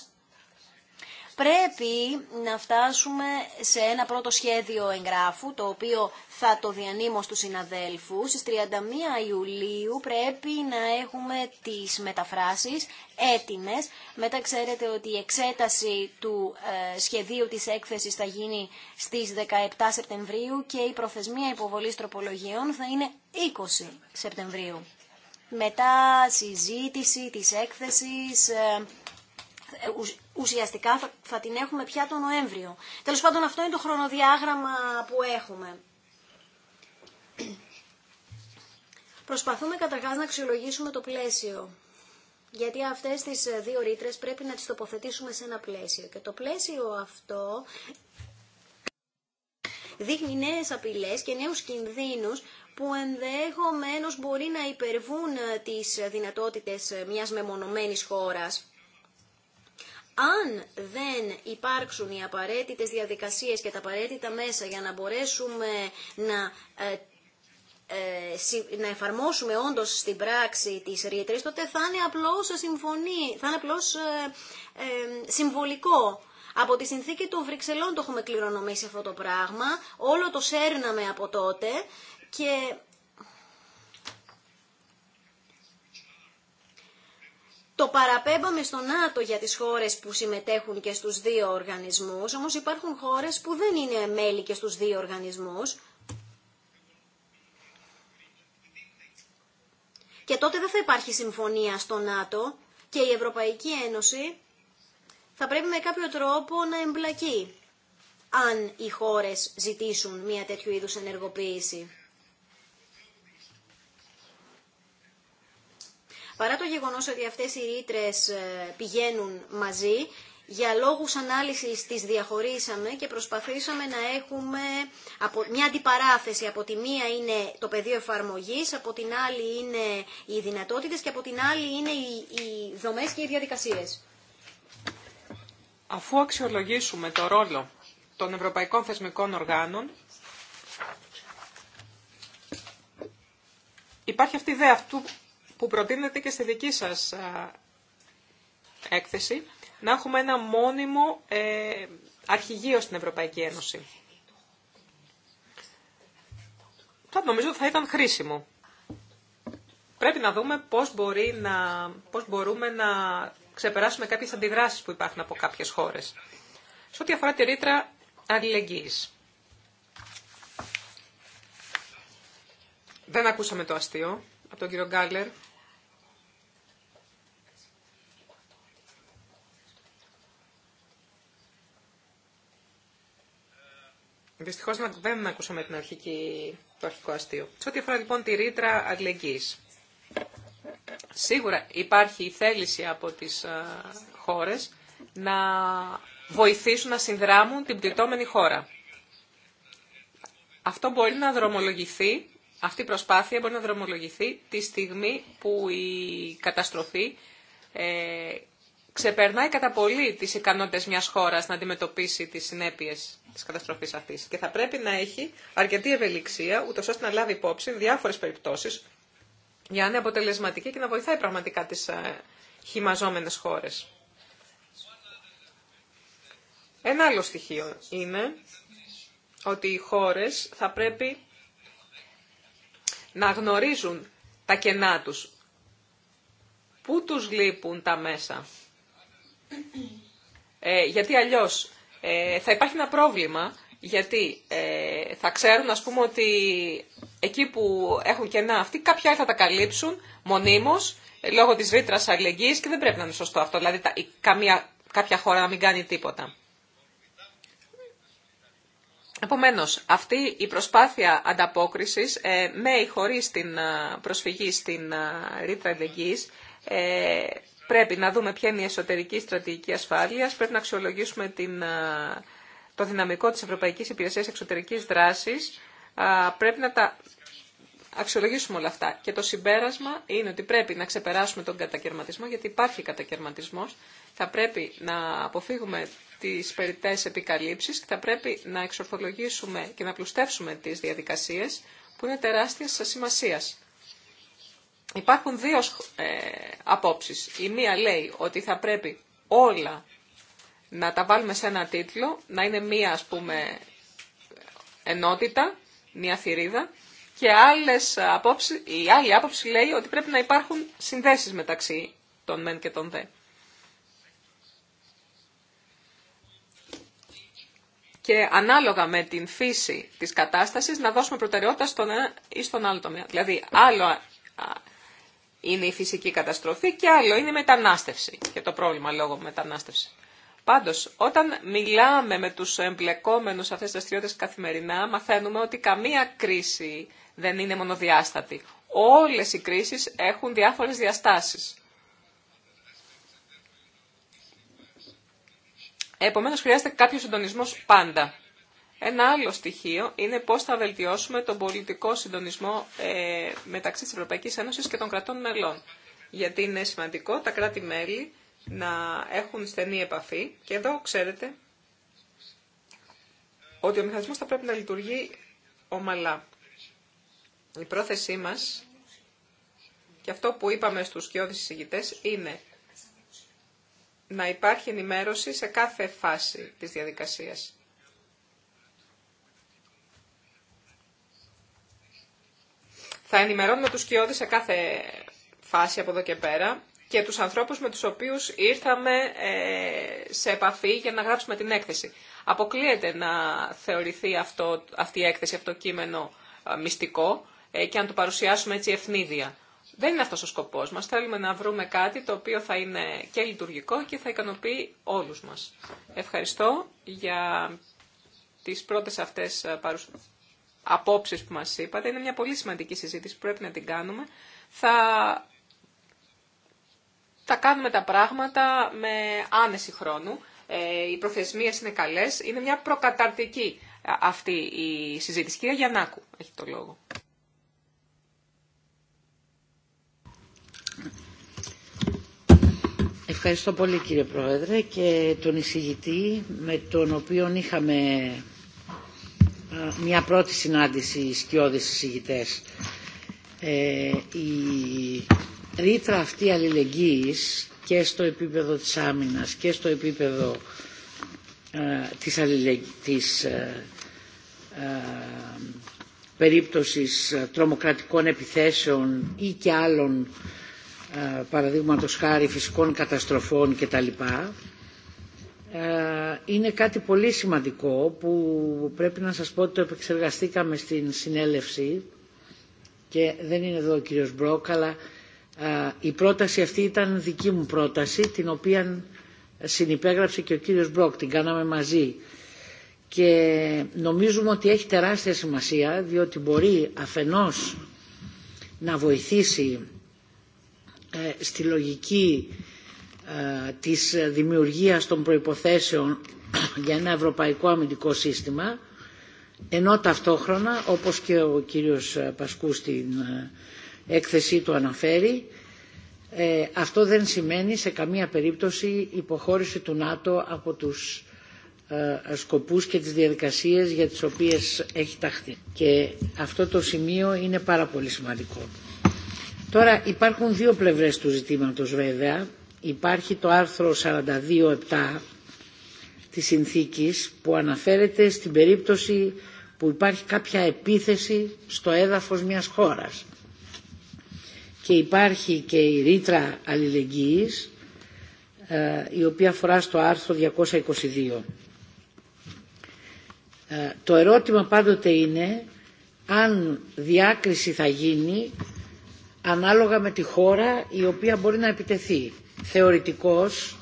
Πρέπει να φτάσουμε σε ένα πρώτο σχέδιο εγγράφου, το οποίο θα το διανύμω στους συναδέλφους. Στις 31 Ιουλίου πρέπει να έχουμε τις μεταφράσεις έτοιμες. Μετά ξέρετε ότι η εξέταση του ε, σχεδίου της έκθεσης θα γίνει στις 17 Σεπτεμβρίου και η προθεσμία υποβολής τροπολογιών θα είναι 20 Σεπτεμβρίου. Μετά συζήτηση της έκθεσης ε, ουσιαστικά θα την έχουμε πια τον Νοέμβριο. Τέλος πάντων αυτό είναι το χρονοδιάγραμμα που έχουμε. Προσπαθούμε καταρχάς να αξιολογήσουμε το πλαίσιο. Γιατί αυτές τις δύο ρήτρε πρέπει να τις τοποθετήσουμε σε ένα πλαίσιο. Και το πλαίσιο αυτό δείχνει νέες απειλές και νέους κινδύνους που ενδεχομένως μπορεί να υπερβούν τις δυνατότητες μιας μεμονωμένης χώρας αν δεν υπάρξουν οι απαραίτητες διαδικασίες και τα απαραίτητα μέσα για να μπορέσουμε να ε, ε, να εφαρμόσουμε όντως στην πράξη τις ρήτρες, τότε θα είναι απλώς, συμφωνή, θα είναι απλώς ε, ε, συμβολικό. Από τη συνθήκη των Βρυξελών το έχουμε κληρονομήσει αυτό το πράγμα, όλο το σέρναμε από τότε και Το παραπέμπαμε στο ΝΑΤΟ για τις χώρες που συμμετέχουν και στους δύο οργανισμούς, όμως υπάρχουν χώρες που δεν είναι μέλη και στους δύο οργανισμούς. Και τότε δεν θα υπάρχει συμφωνία στο ΝΑΤΟ και η Ευρωπαϊκή Ένωση θα πρέπει με κάποιο τρόπο να εμπλακεί αν οι χώρες ζητήσουν μια τέτοιου είδους ενεργοποίηση. Παρά το γεγονός ότι αυτές οι ρήτρε ε, πηγαίνουν μαζί, για λόγους ανάλυσης τις διαχωρίσαμε και προσπαθήσαμε να έχουμε μια αντιπαράθεση. Από τη μία είναι το πεδίο εφαρμογής, από την άλλη είναι οι δυνατότητες και από την άλλη είναι οι δομές και οι διαδικασίες. Αφού αξιολογήσουμε το ρόλο των Ευρωπαϊκών Θεσμικών Οργάνων, υπάρχει αυτή η ιδέα αυτού που προτείνεται και στη δική σας έκθεση, να έχουμε ένα μόνιμο ε, αρχηγείο στην Ευρωπαϊκή Ένωση. Θα νομίζω ότι θα ήταν χρήσιμο. Πρέπει να δούμε πώς, μπορεί να, πώς μπορούμε να ξεπεράσουμε κάποιες αντιδράσεις που υπάρχουν από κάποιες χώρες. Σε ό,τι αφορά τη ρήτρα αλληλεγγύης. Δεν ακούσαμε το αστείο από τον κύριο Γκάλερ. Δυστυχώ δεν ακούσαμε την αρχική, το αρχικό αστείο. Σε ό,τι αφορά λοιπόν τη ρήτρα αλληλεγγύη. Σίγουρα υπάρχει η θέληση από τις ε, χώρες να βοηθήσουν να συνδράμουν την πτυτόμενη χώρα. Αυτό μπορεί να δρομολογηθεί, αυτή η προσπάθεια μπορεί να δρομολογηθεί τη στιγμή που η καταστροφή ε, ξεπερνάει κατά πολύ τι ικανότητε μιας χώρας να αντιμετωπίσει τις συνέπειες της καταστροφής αυτής. Και θα πρέπει να έχει αρκετή ευελιξία, ούτω ώστε να λάβει υπόψη διάφορες περιπτώσεις για να είναι αποτελεσματική και να βοηθάει πραγματικά τις ε, χυμαζόμενε χώρες. Ένα άλλο στοιχείο είναι ότι οι χώρες θα πρέπει να γνωρίζουν τα κενά τους. Πού τους λείπουν τα μέσα ε, γιατί αλλιώς ε, θα υπάρχει ένα πρόβλημα, γιατί ε, θα ξέρουν α πούμε ότι εκεί που έχουν κενά αυτοί κάποια θα τα καλύψουν μονίμως ε, λόγω της ρήτρα αλληλεγγύη και δεν πρέπει να είναι σωστό αυτό, δηλαδή τα, καμία, κάποια χώρα να μην κάνει τίποτα. Επομένω, αυτή η προσπάθεια ανταπόκρισης με ή χωρίς την προσφυγή στην ρήτρα πρέπει να δούμε ποια είναι η εσωτερική στρατηγική ασφάλεια, πρέπει να αξιολογήσουμε την, ε, το δυναμικό τη Ευρωπαϊκή Υπηρεσία Εξωτερική δράση. πρέπει να τα αξιολογήσουμε όλα αυτά. Και το συμπέρασμα είναι ότι πρέπει να ξεπεράσουμε τον κατακαιρματισμό, γιατί υπάρχει κατακαιρματισμό. Θα πρέπει να αποφύγουμε τι περιττέ επικαλύψει και θα πρέπει να εξορθολογήσουμε και να πλουστεύσουμε τι διαδικασίε που είναι τεράστια σημασία. Υπάρχουν δύο ε, απόψεις. Η μία λέει ότι θα πρέπει όλα να τα βάλουμε σε ένα τίτλο, να είναι μία ας πούμε ενότητα, μία θηρίδα και άλλες απόψεις, η άλλη άποψη λέει ότι πρέπει να υπάρχουν συνδέσεις μεταξύ των μεν και των δε. και ανάλογα με την φύση της κατάστασης να δώσουμε προτεραιότητα στον ένα ή στον άλλο τομέα. Δηλαδή άλλο είναι η φυσική καταστροφή και άλλο είναι η μετανάστευση και το πρόβλημα λόγω μετανάστευση. Πάντως, όταν μιλάμε με τους εμπλεκόμενους αυτέ αυτές τις καθημερινά, μαθαίνουμε ότι καμία κρίση δεν είναι μονοδιάστατη. Όλες οι κρίσεις έχουν διάφορες διαστάσεις. Επομένως, χρειάζεται κάποιο συντονισμό πάντα. Ένα άλλο στοιχείο είναι πώς θα βελτιώσουμε τον πολιτικό συντονισμό ε, μεταξύ της Ευρωπαϊκής Ένωσης και των κρατών μελών. Γιατί είναι σημαντικό τα κράτη-μέλη να έχουν στενή επαφή και εδώ ξέρετε ότι ο μηχανισμός θα πρέπει να λειτουργεί ομαλά. Η πρόθεσή μας και αυτό που είπαμε στους κοιόδης συζητητές είναι να υπάρχει ενημέρωση σε κάθε φάση της διαδικασίας. Θα ενημερώνουμε τους σκιώδεις σε κάθε φάση από εδώ και πέρα και τους ανθρώπους με τους οποίους ήρθαμε ε, σε επαφή για να γράψουμε την έκθεση. Αποκλείεται να θεωρηθεί αυτό, αυτή η έκθεση, αυτό το κείμενο ε, μυστικό ε, και να το παρουσιάσουμε έτσι ευνίδια. Δεν είναι αυτός ο σκοπός μας. Θέλουμε να βρούμε κάτι το οποίο θα είναι και λειτουργικό και θα ικανοποιεί όλους μας. Ευχαριστώ για τις πρώτες αυτές απόψεις που μας είπατε. Είναι μια πολύ σημαντική συζήτηση που πρέπει να την κάνουμε. Θα θα κάνουμε τα πράγματα με άνεση χρόνου. Ε, οι προθεσμίες είναι καλές. Είναι μια προκαταρτική ε, αυτή η συζήτηση. Κυρία Γιαννάκου έχει το λόγο. Ευχαριστώ πολύ κύριε Πρόεδρε και τον εισηγητή με τον οποίο είχαμε ε, μια πρώτη συνάντηση σκιώδης συζητητές. Ε, η ρήτρα αυτή αλληλεγγύης και στο επίπεδο της άμυνας και στο επίπεδο ε, της, αλληλεγ... της ε, περίπτωσης τρομοκρατικών επιθέσεων ή και άλλων ε, παραδείγματος χάρη φυσικών καταστροφών κτλ είναι κάτι πολύ σημαντικό που πρέπει να σας πω ότι το επεξεργαστήκαμε στην συνέλευση και δεν είναι εδώ ο κύριος Μπρόκ αλλά η πρόταση αυτή ήταν δική μου πρόταση την οποία συνυπέγραψε και ο κύριος Μπρόκ, την κάναμε μαζί και νομίζουμε ότι έχει τεράστια σημασία διότι μπορεί αφενός να βοηθήσει ε, στη λογική ε, της δημιουργίας των προϋποθέσεων για ένα ευρωπαϊκό αμυντικό σύστημα ενώ ταυτόχρονα όπως και ο κύριος Πασκού στην ε, έκθεσή του αναφέρει ε, αυτό δεν σημαίνει σε καμία περίπτωση υποχώρηση του ΝΑΤΟ από τους σκοπούς και τις διαδικασίες για τις οποίες έχει ταχθεί. Και αυτό το σημείο είναι πάρα πολύ σημαντικό. Τώρα υπάρχουν δύο πλευρές του ζητήματος βέβαια υπάρχει το άρθρο 42.7 της συνθήκης που αναφέρεται στην περίπτωση που υπάρχει κάποια επίθεση στο έδαφος μιας χώρας. Και υπάρχει και η ρήτρα αλληλεγγύης ε, η οποία αφορά στο άρθρο 222. Ε, το ερώτημα πάντοτε είναι αν διάκριση θα γίνει ανάλογα με τη χώρα η οποία μπορεί να επιτεθεί θεωρητικός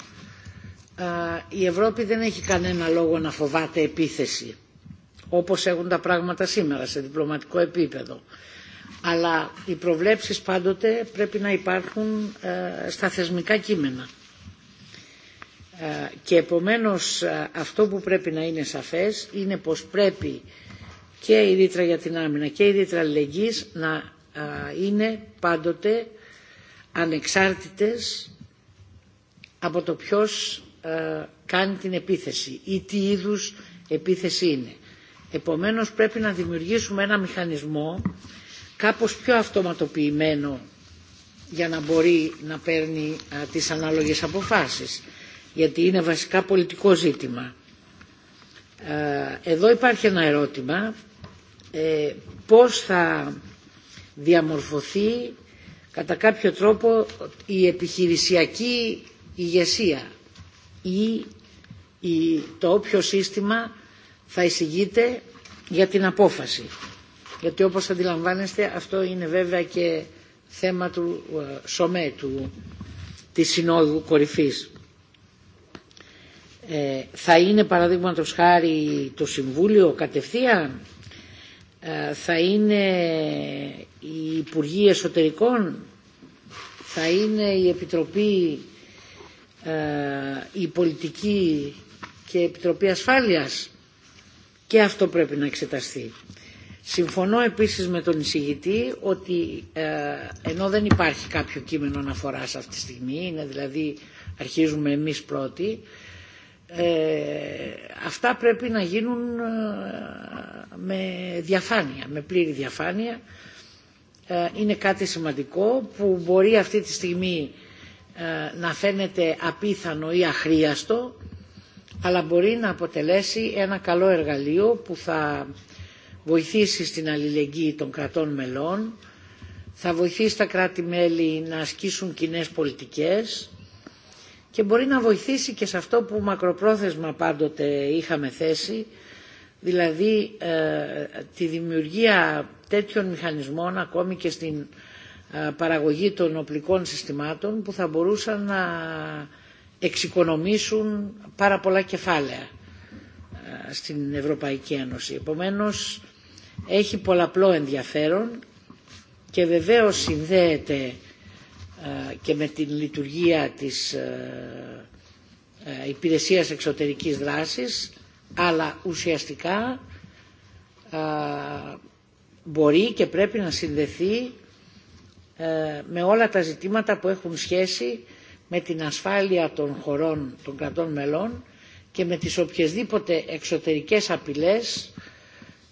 η Ευρώπη δεν έχει κανένα λόγο να φοβάται επίθεση όπως έχουν τα πράγματα σήμερα σε διπλωματικό επίπεδο. Αλλά οι προβλέψεις πάντοτε πρέπει να υπάρχουν ε, στα θεσμικά κείμενα. Ε, και επομένως ε, αυτό που πρέπει να είναι σαφές είναι πως πρέπει και η ρήτρα για την άμυνα και η ρήτρα αλληλεγγύης να είναι πάντοτε ανεξάρτητες από το ποιος ε, κάνει την επίθεση ή τι είδους επίθεση είναι. Επομένως πρέπει να δημιουργήσουμε ένα μηχανισμό κάπως πιο αυτοματοποιημένο για να μπορεί να παίρνει ε, τις ανάλογες αποφάσεις γιατί είναι βασικά πολιτικό ζήτημα. Ε, εδώ υπάρχει ένα ερώτημα πώς θα διαμορφωθεί κατά κάποιο τρόπο η επιχειρησιακή ηγεσία ή το όποιο σύστημα θα εισηγείται για την απόφαση. Γιατί όπως αντιλαμβάνεστε αυτό είναι βέβαια και θέμα του ε, ΣΟΜΕ, του, της Συνόδου Κορυφής. Ε, θα είναι παραδείγματο χάρη το Συμβούλιο κατευθείαν, ε, θα είναι η Υπουργοί Εσωτερικών, θα είναι η Επιτροπή ε, η πολιτική και η Επιτροπή Ασφάλειας και αυτό πρέπει να εξεταστεί. Συμφωνώ επίσης με τον εισηγητή ότι ε, ενώ δεν υπάρχει κάποιο κείμενο αναφοράς αυτή τη στιγμή, είναι δηλαδή αρχίζουμε εμείς πρώτοι, ε, αυτά πρέπει να γίνουν με διαφάνεια, με πλήρη διαφάνεια. Είναι κάτι σημαντικό που μπορεί αυτή τη στιγμή ε, να φαίνεται απίθανο ή αχρίαστο αλλά μπορεί να αποτελέσει ένα καλό εργαλείο που θα βοηθήσει στην αλληλεγγύη των κρατών μελών, θα βοηθήσει τα κράτη-μέλη να ασκήσουν κοινέ πολιτικές και μπορεί να βοηθήσει και σε αυτό που μακροπρόθεσμα πάντοτε είχαμε θέσει, δηλαδή ε, τη δημιουργία τέτοιων μηχανισμών ακόμη και στην ε, παραγωγή των οπλικών συστημάτων που θα μπορούσαν να εξοικονομήσουν πάρα πολλά κεφάλαια ε, στην Ευρωπαϊκή Ένωση. Επομένως έχει πολλαπλό ενδιαφέρον και βεβαίως συνδέεται ε, και με την λειτουργία της υπηρεσίας εξωτερικής δράσης αλλά ουσιαστικά μπορεί και πρέπει να συνδεθεί ε, με όλα τα ζητήματα που έχουν σχέση με την ασφάλεια των χωρών των κρατών μελών και με τις οποιασδήποτε εξωτερικές απειλές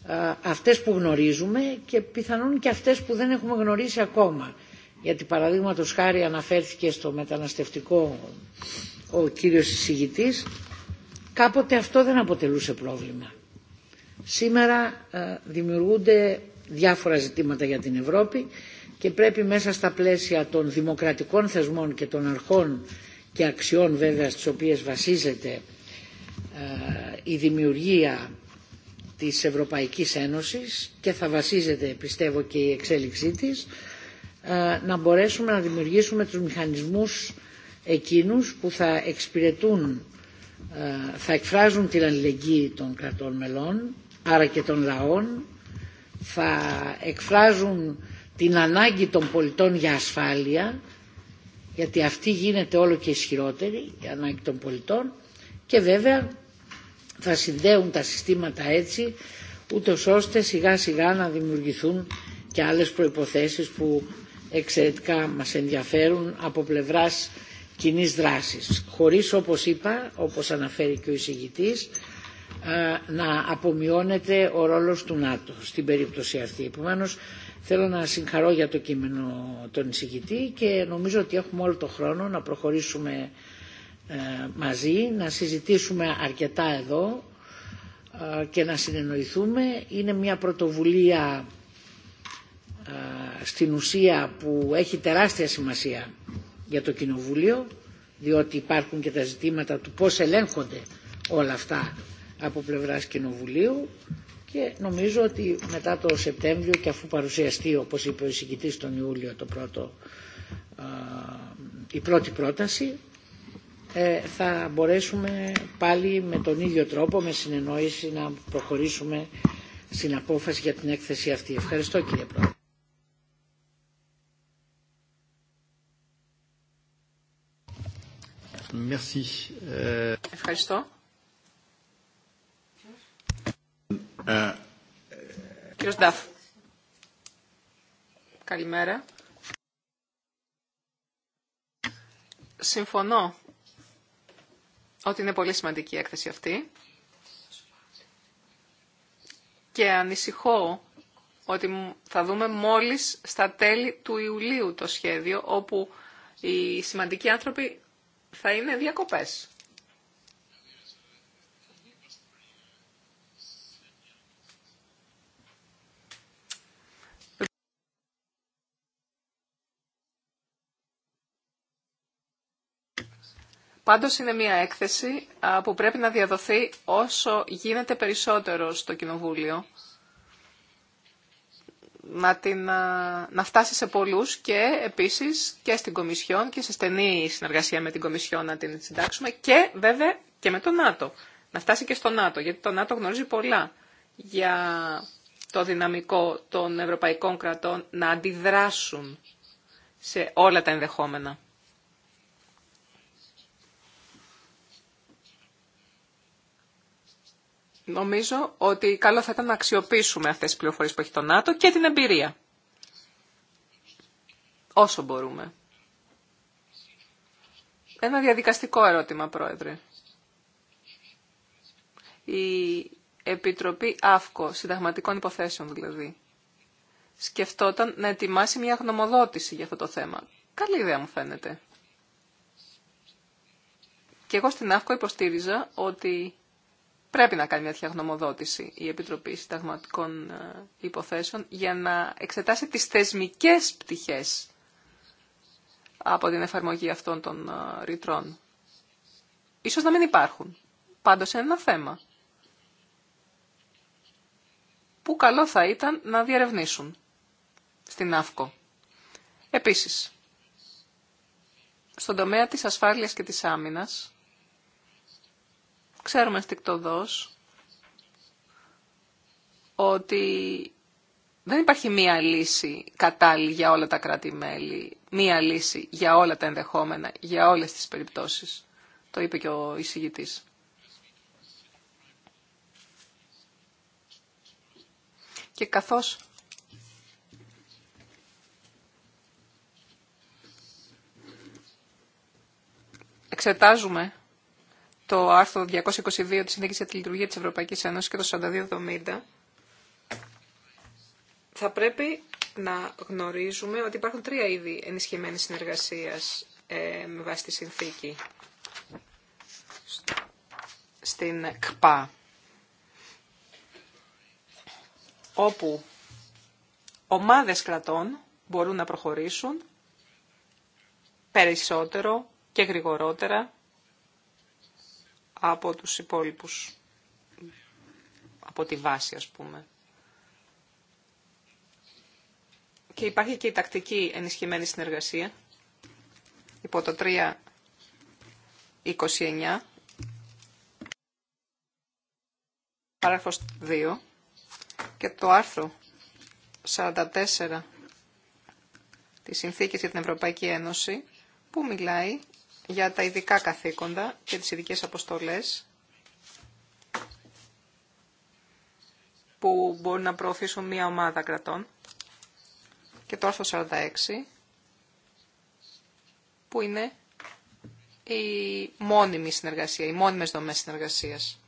ε, αυτές που γνωρίζουμε και πιθανόν και αυτές που δεν έχουμε γνωρίσει ακόμα. Γιατί παραδείγματο χάρη αναφέρθηκε στο μεταναστευτικό ο κύριος εισηγητής, κάποτε αυτό δεν αποτελούσε πρόβλημα. Σήμερα ε, δημιουργούνται διάφορα ζητήματα για την Ευρώπη και πρέπει μέσα στα πλαίσια των δημοκρατικών θεσμών και των αρχών και αξιών βέβαια στις οποίες βασίζεται ε, η δημιουργία της Ευρωπαϊκής Ένωσης και θα βασίζεται πιστεύω και η εξέλιξή της ε, να μπορέσουμε να δημιουργήσουμε τους μηχανισμούς εκείνους που θα εξυπηρετούν ε, θα εκφράζουν την αλληλεγγύη των κρατών μελών άρα και των λαών θα εκφράζουν την ανάγκη των πολιτών για ασφάλεια, γιατί αυτή γίνεται όλο και ισχυρότερη, η ανάγκη των πολιτών, και βέβαια θα συνδέουν τα συστήματα έτσι, ούτω ώστε σιγά σιγά να δημιουργηθούν και άλλες προϋποθέσεις που εξαιρετικά μας ενδιαφέρουν από πλευράς κοινής δράσης. Χωρίς, όπως είπα, όπως αναφέρει και ο εισηγητής, ε, να απομειώνεται ο ρόλος του ΝΑΤΟ στην περίπτωση αυτή. Επομένω, θέλω να συγχαρώ για το κείμενο τον εισηγητή και νομίζω ότι έχουμε όλο το χρόνο να προχωρήσουμε ε, μαζί, να συζητήσουμε αρκετά εδώ ε, και να συνεννοηθούμε. Είναι μια πρωτοβουλία στην ουσία που έχει τεράστια σημασία για το Κοινοβούλιο διότι υπάρχουν και τα ζητήματα του πώς ελέγχονται όλα αυτά από πλευράς Κοινοβουλίου και νομίζω ότι μετά το Σεπτέμβριο και αφού παρουσιαστεί όπως είπε ο εισηγητής τον Ιούλιο το πρώτο, η πρώτη πρόταση ε, θα μπορέσουμε πάλι με τον ίδιο τρόπο, με συνεννόηση να προχωρήσουμε στην απόφαση για την έκθεση αυτή. Ευχαριστώ κύριε Πρόεδρε. Merci. Ε, Ευχαριστώ. Ε, Καλημέρα. Συμφωνώ ότι είναι πολύ σημαντική η έκθεση αυτή και ανησυχώ ότι θα δούμε μόλις στα τέλη του Ιουλίου το σχέδιο όπου οι σημαντικοί άνθρωποι θα είναι διακοπές. Πάντως είναι μια έκθεση που πρέπει να διαδοθεί όσο γίνεται περισσότερο στο Κοινοβούλιο. Να, την, να φτάσει σε πολλούς και επίσης και στην Κομισιόν και σε στενή συνεργασία με την Κομισιόν να την συντάξουμε και βέβαια και με το ΝΑΤΟ. Να φτάσει και στο ΝΑΤΟ, γιατί το ΝΑΤΟ γνωρίζει πολλά για το δυναμικό των ευρωπαϊκών κρατών να αντιδράσουν σε όλα τα ενδεχόμενα. Νομίζω ότι καλό θα ήταν να αξιοποιήσουμε αυτές τις πληροφορίες που έχει το ΝΑΤΟ και την εμπειρία. Όσο μπορούμε. Ένα διαδικαστικό ερώτημα, Πρόεδρε. Η Επιτροπή ΑΦΚΟ, συνταγματικών υποθέσεων δηλαδή, σκεφτόταν να ετοιμάσει μια γνωμοδότηση για αυτό το θέμα. Καλή ιδέα μου φαίνεται. Και εγώ στην ΑΦΚΟ υποστήριζα ότι πρέπει να κάνει μια τέτοια η Επιτροπή Συνταγματικών ε, Υποθέσεων για να εξετάσει τις θεσμικές πτυχές από την εφαρμογή αυτών των ε, ρητρών. Ίσως να μην υπάρχουν. Πάντως είναι ένα θέμα που καλό θα ήταν να διαρευνήσουν στην ΑΦΚΟ. Επίσης, στον τομέα της ασφάλειας και της άμυνας, Ξέρουμε στικτοδός ότι δεν υπάρχει μία λύση κατάλληλη για όλα τα κράτη-μέλη, μία λύση για όλα τα ενδεχόμενα, για όλες τις περιπτώσεις. Το είπε και ο εισηγητής. Και καθώς εξετάζουμε το άρθρο 222 της Συνθήκης για τη Λειτουργία της Ευρωπαϊκής Ένωσης και το 4270, θα πρέπει να γνωρίζουμε ότι υπάρχουν τρία είδη ενισχυμένης συνεργασίας ε, με βάση τη συνθήκη στην ΚΠΑ, όπου ομάδες κρατών μπορούν να προχωρήσουν περισσότερο και γρηγορότερα από τους υπόλοιπους, από τη βάση ας πούμε. Και υπάρχει και η τακτική ενισχυμένη συνεργασία υπό το 3.29, παράγραφος 2 και το άρθρο 44 της Συνθήκης για την Ευρωπαϊκή Ένωση που μιλάει για τα ειδικά καθήκοντα και τις ειδικές αποστολές που μπορεί να προωθήσουν μία ομάδα κρατών και το άρθρο 46 που είναι η μόνιμη συνεργασία, οι μόνιμες δομές συνεργασίας.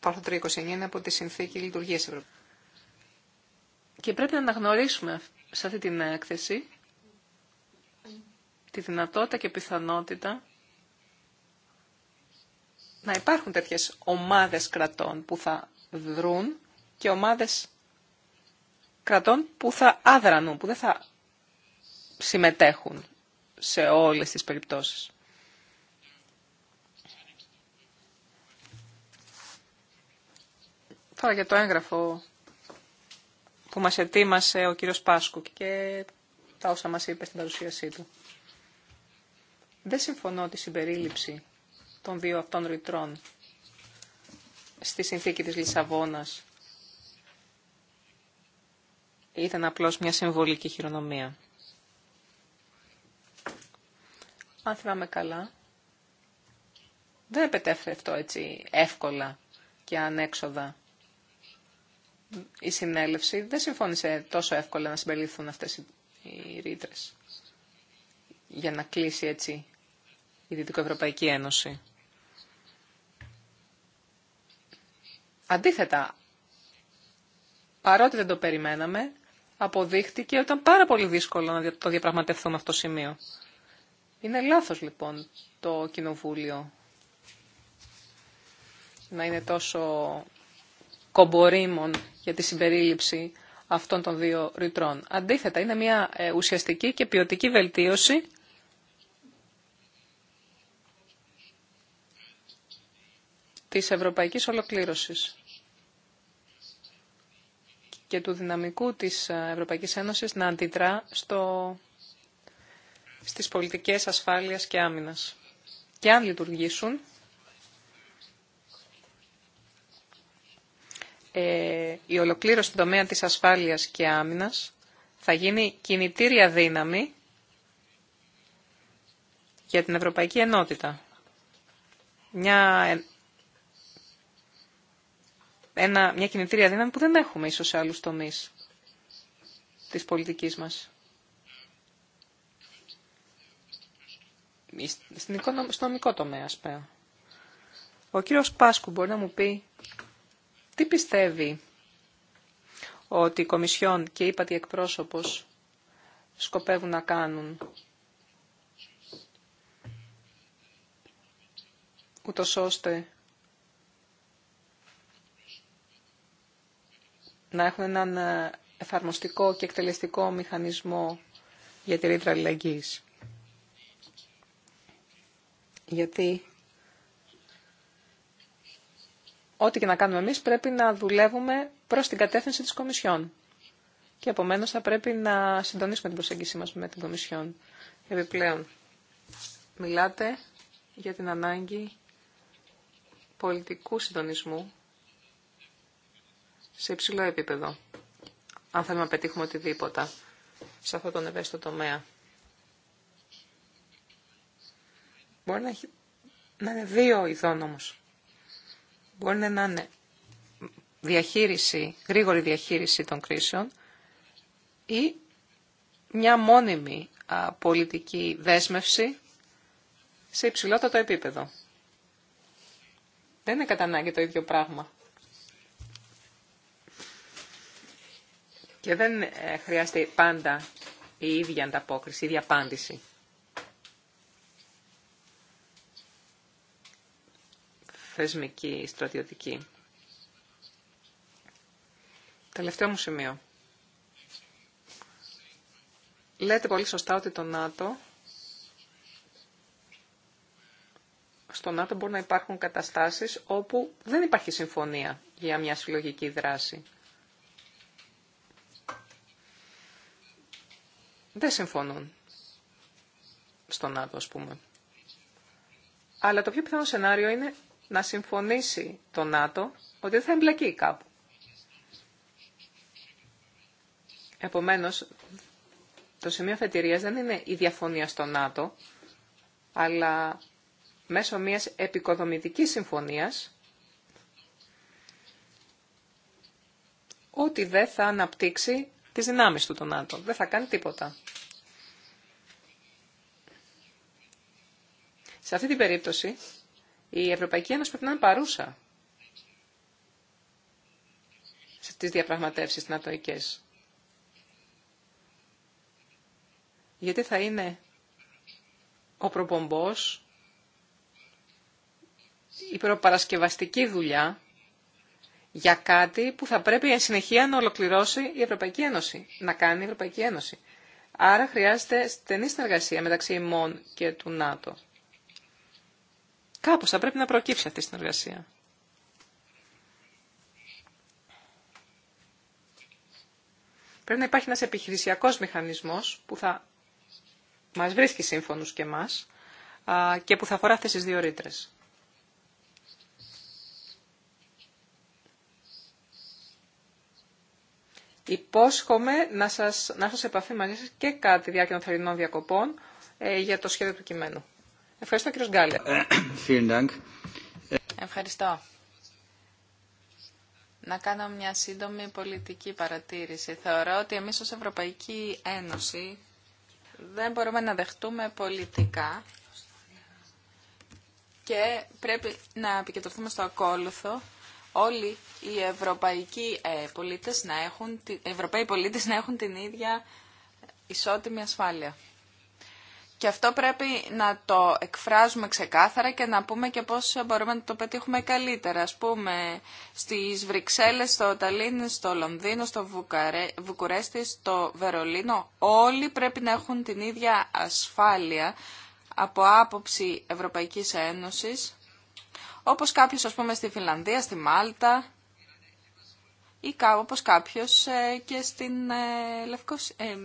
Το άρθρο 329 είναι από τη Συνθήκη Λειτουργίας Ευρωπαϊκής. Και πρέπει να αναγνωρίσουμε σε αυτή την έκθεση τη δυνατότητα και πιθανότητα να υπάρχουν τέτοιες ομάδες κρατών που θα δρούν και ομάδες κρατών που θα άδρανουν, που δεν θα συμμετέχουν σε όλες τις περιπτώσεις. Τώρα για το έγγραφο που μας ετοίμασε ο κύριος Πάσκου και τα όσα μας είπε στην παρουσίασή του. Δεν συμφωνώ τη συμπερίληψη των δύο αυτών ρητρών στη συνθήκη της Λισαβόνας. Ήταν απλώς μια συμβολική χειρονομία. Αν θυμάμαι καλά, δεν επετέφερε αυτό έτσι εύκολα και ανέξοδα. Η συνέλευση δεν συμφώνησε τόσο εύκολα να συμπεριληφθούν αυτές οι ρήτρες για να κλείσει έτσι η Δυτικοευρωπαϊκή Ένωση. Αντίθετα, παρότι δεν το περιμέναμε, αποδείχτηκε ότι ήταν πάρα πολύ δύσκολο να το διαπραγματευτούμε αυτό το σημείο. Είναι λάθος λοιπόν το Κοινοβούλιο να είναι τόσο κομπορήμων για τη συμπερίληψη αυτών των δύο ρητρών. Αντίθετα, είναι μια ε, ουσιαστική και ποιοτική βελτίωση της ευρωπαϊκής ολοκλήρωσης και του δυναμικού της Ευρωπαϊκής Ένωσης να αντιτρά στο, στις πολιτικές ασφάλειας και άμυνας. Και αν λειτουργήσουν, ε, η ολοκλήρωση του τομέα της ασφάλειας και άμυνας θα γίνει κινητήρια δύναμη για την Ευρωπαϊκή Ενότητα. Μια ένα, μια κινητήρια δύναμη που δεν έχουμε ίσως σε άλλους τομείς της πολιτικής μας. Στην στο νομικό τομέα, ας Ο κύριος Πάσκου μπορεί να μου πει τι πιστεύει ότι η Κομισιόν και η ΥΠΑΤΗ εκπρόσωπος σκοπεύουν να κάνουν ούτως ώστε να έχουν έναν ε, εφαρμοστικό και εκτελεστικό μηχανισμό για τη ρήτρα αλληλεγγύης. Γιατί ό,τι και να κάνουμε εμείς πρέπει να δουλεύουμε προς την κατεύθυνση της Κομισιόν. Και επομένως θα πρέπει να συντονίσουμε την προσέγγιση μας με την Κομισιόν. Επιπλέον, μιλάτε για την ανάγκη πολιτικού συντονισμού σε υψηλό επίπεδο, αν θέλουμε να πετύχουμε οτιδήποτε σε αυτόν τον ευαίσθητο τομέα. Μπορεί να, έχει, να είναι δύο ειδών όμω. Μπορεί να είναι διαχείριση, γρήγορη διαχείριση των κρίσεων ή μια μόνιμη πολιτική δέσμευση σε υψηλότατο επίπεδο. Δεν είναι κατά ανάγκη το ίδιο πράγμα. Και δεν ε, χρειάζεται πάντα η ίδια ανταπόκριση, η ίδια απάντηση. Θεσμική, στρατιωτική. Τελευταίο μου σημείο. Λέτε πολύ σωστά ότι το ΝΑΤΟ, στο ΝΑΤΟ μπορεί να υπάρχουν καταστάσεις όπου δεν υπάρχει συμφωνία για μια συλλογική δράση. δεν συμφωνούν στον ΝΑΤΟ, ας πούμε. Αλλά το πιο πιθανό σενάριο είναι να συμφωνήσει το ΝΑΤΟ ότι δεν θα εμπλακεί κάπου. Επομένως, το σημείο αφετηρίας δεν είναι η διαφωνία στο ΝΑΤΟ, αλλά μέσω μιας επικοδομητικής συμφωνίας, ότι δεν θα αναπτύξει τις δυνάμει του τον ΝΑΤΟ. Δεν θα κάνει τίποτα. Σε αυτή την περίπτωση, η Ευρωπαϊκή Ένωση πρέπει να είναι παρούσα στις διαπραγματεύσεις νατοικές. Γιατί θα είναι ο προπομπός, η προπαρασκευαστική δουλειά για κάτι που θα πρέπει εν συνεχεία να ολοκληρώσει η Ευρωπαϊκή Ένωση, να κάνει η Ευρωπαϊκή Ένωση. Άρα χρειάζεται στενή συνεργασία μεταξύ ημών και του ΝΑΤΟ. Κάπως θα πρέπει να προκύψει αυτή η συνεργασία. Πρέπει να υπάρχει ένας επιχειρησιακός μηχανισμός που θα μας βρίσκει σύμφωνους και μας και που θα αφορά αυτές τις δύο Υπόσχομαι να, σας, να σας επαφή μαζί σας και κάτι τη διάρκεια των θερινών διακοπών ε, για το σχέδιο του κειμένου. Ευχαριστώ κύριος Γκάλερ. Ευχαριστώ. Να κάνω μια σύντομη πολιτική παρατήρηση. Θεωρώ ότι εμείς ως Ευρωπαϊκή Ένωση δεν μπορούμε να δεχτούμε πολιτικά και πρέπει να επικεντρωθούμε στο ακόλουθο όλοι οι ευρωπαϊκοί ε, πολίτες να έχουν, ευρωπαίοι πολίτες να έχουν την ίδια ισότιμη ασφάλεια. Και αυτό πρέπει να το εκφράζουμε ξεκάθαρα και να πούμε και πώς μπορούμε να το πετύχουμε καλύτερα. Ας πούμε, στις Βρυξέλλες, στο Ταλίν, στο Λονδίνο, στο Βουκαρέ, Βουκουρέστι, στο Βερολίνο, όλοι πρέπει να έχουν την ίδια ασφάλεια από άποψη Ευρωπαϊκής Ένωσης όπως κάποιος ας πούμε στη Φιλανδία, στη Μάλτα ή όπως κάποιος ε, και στην ε, Λευκοσία. Ε,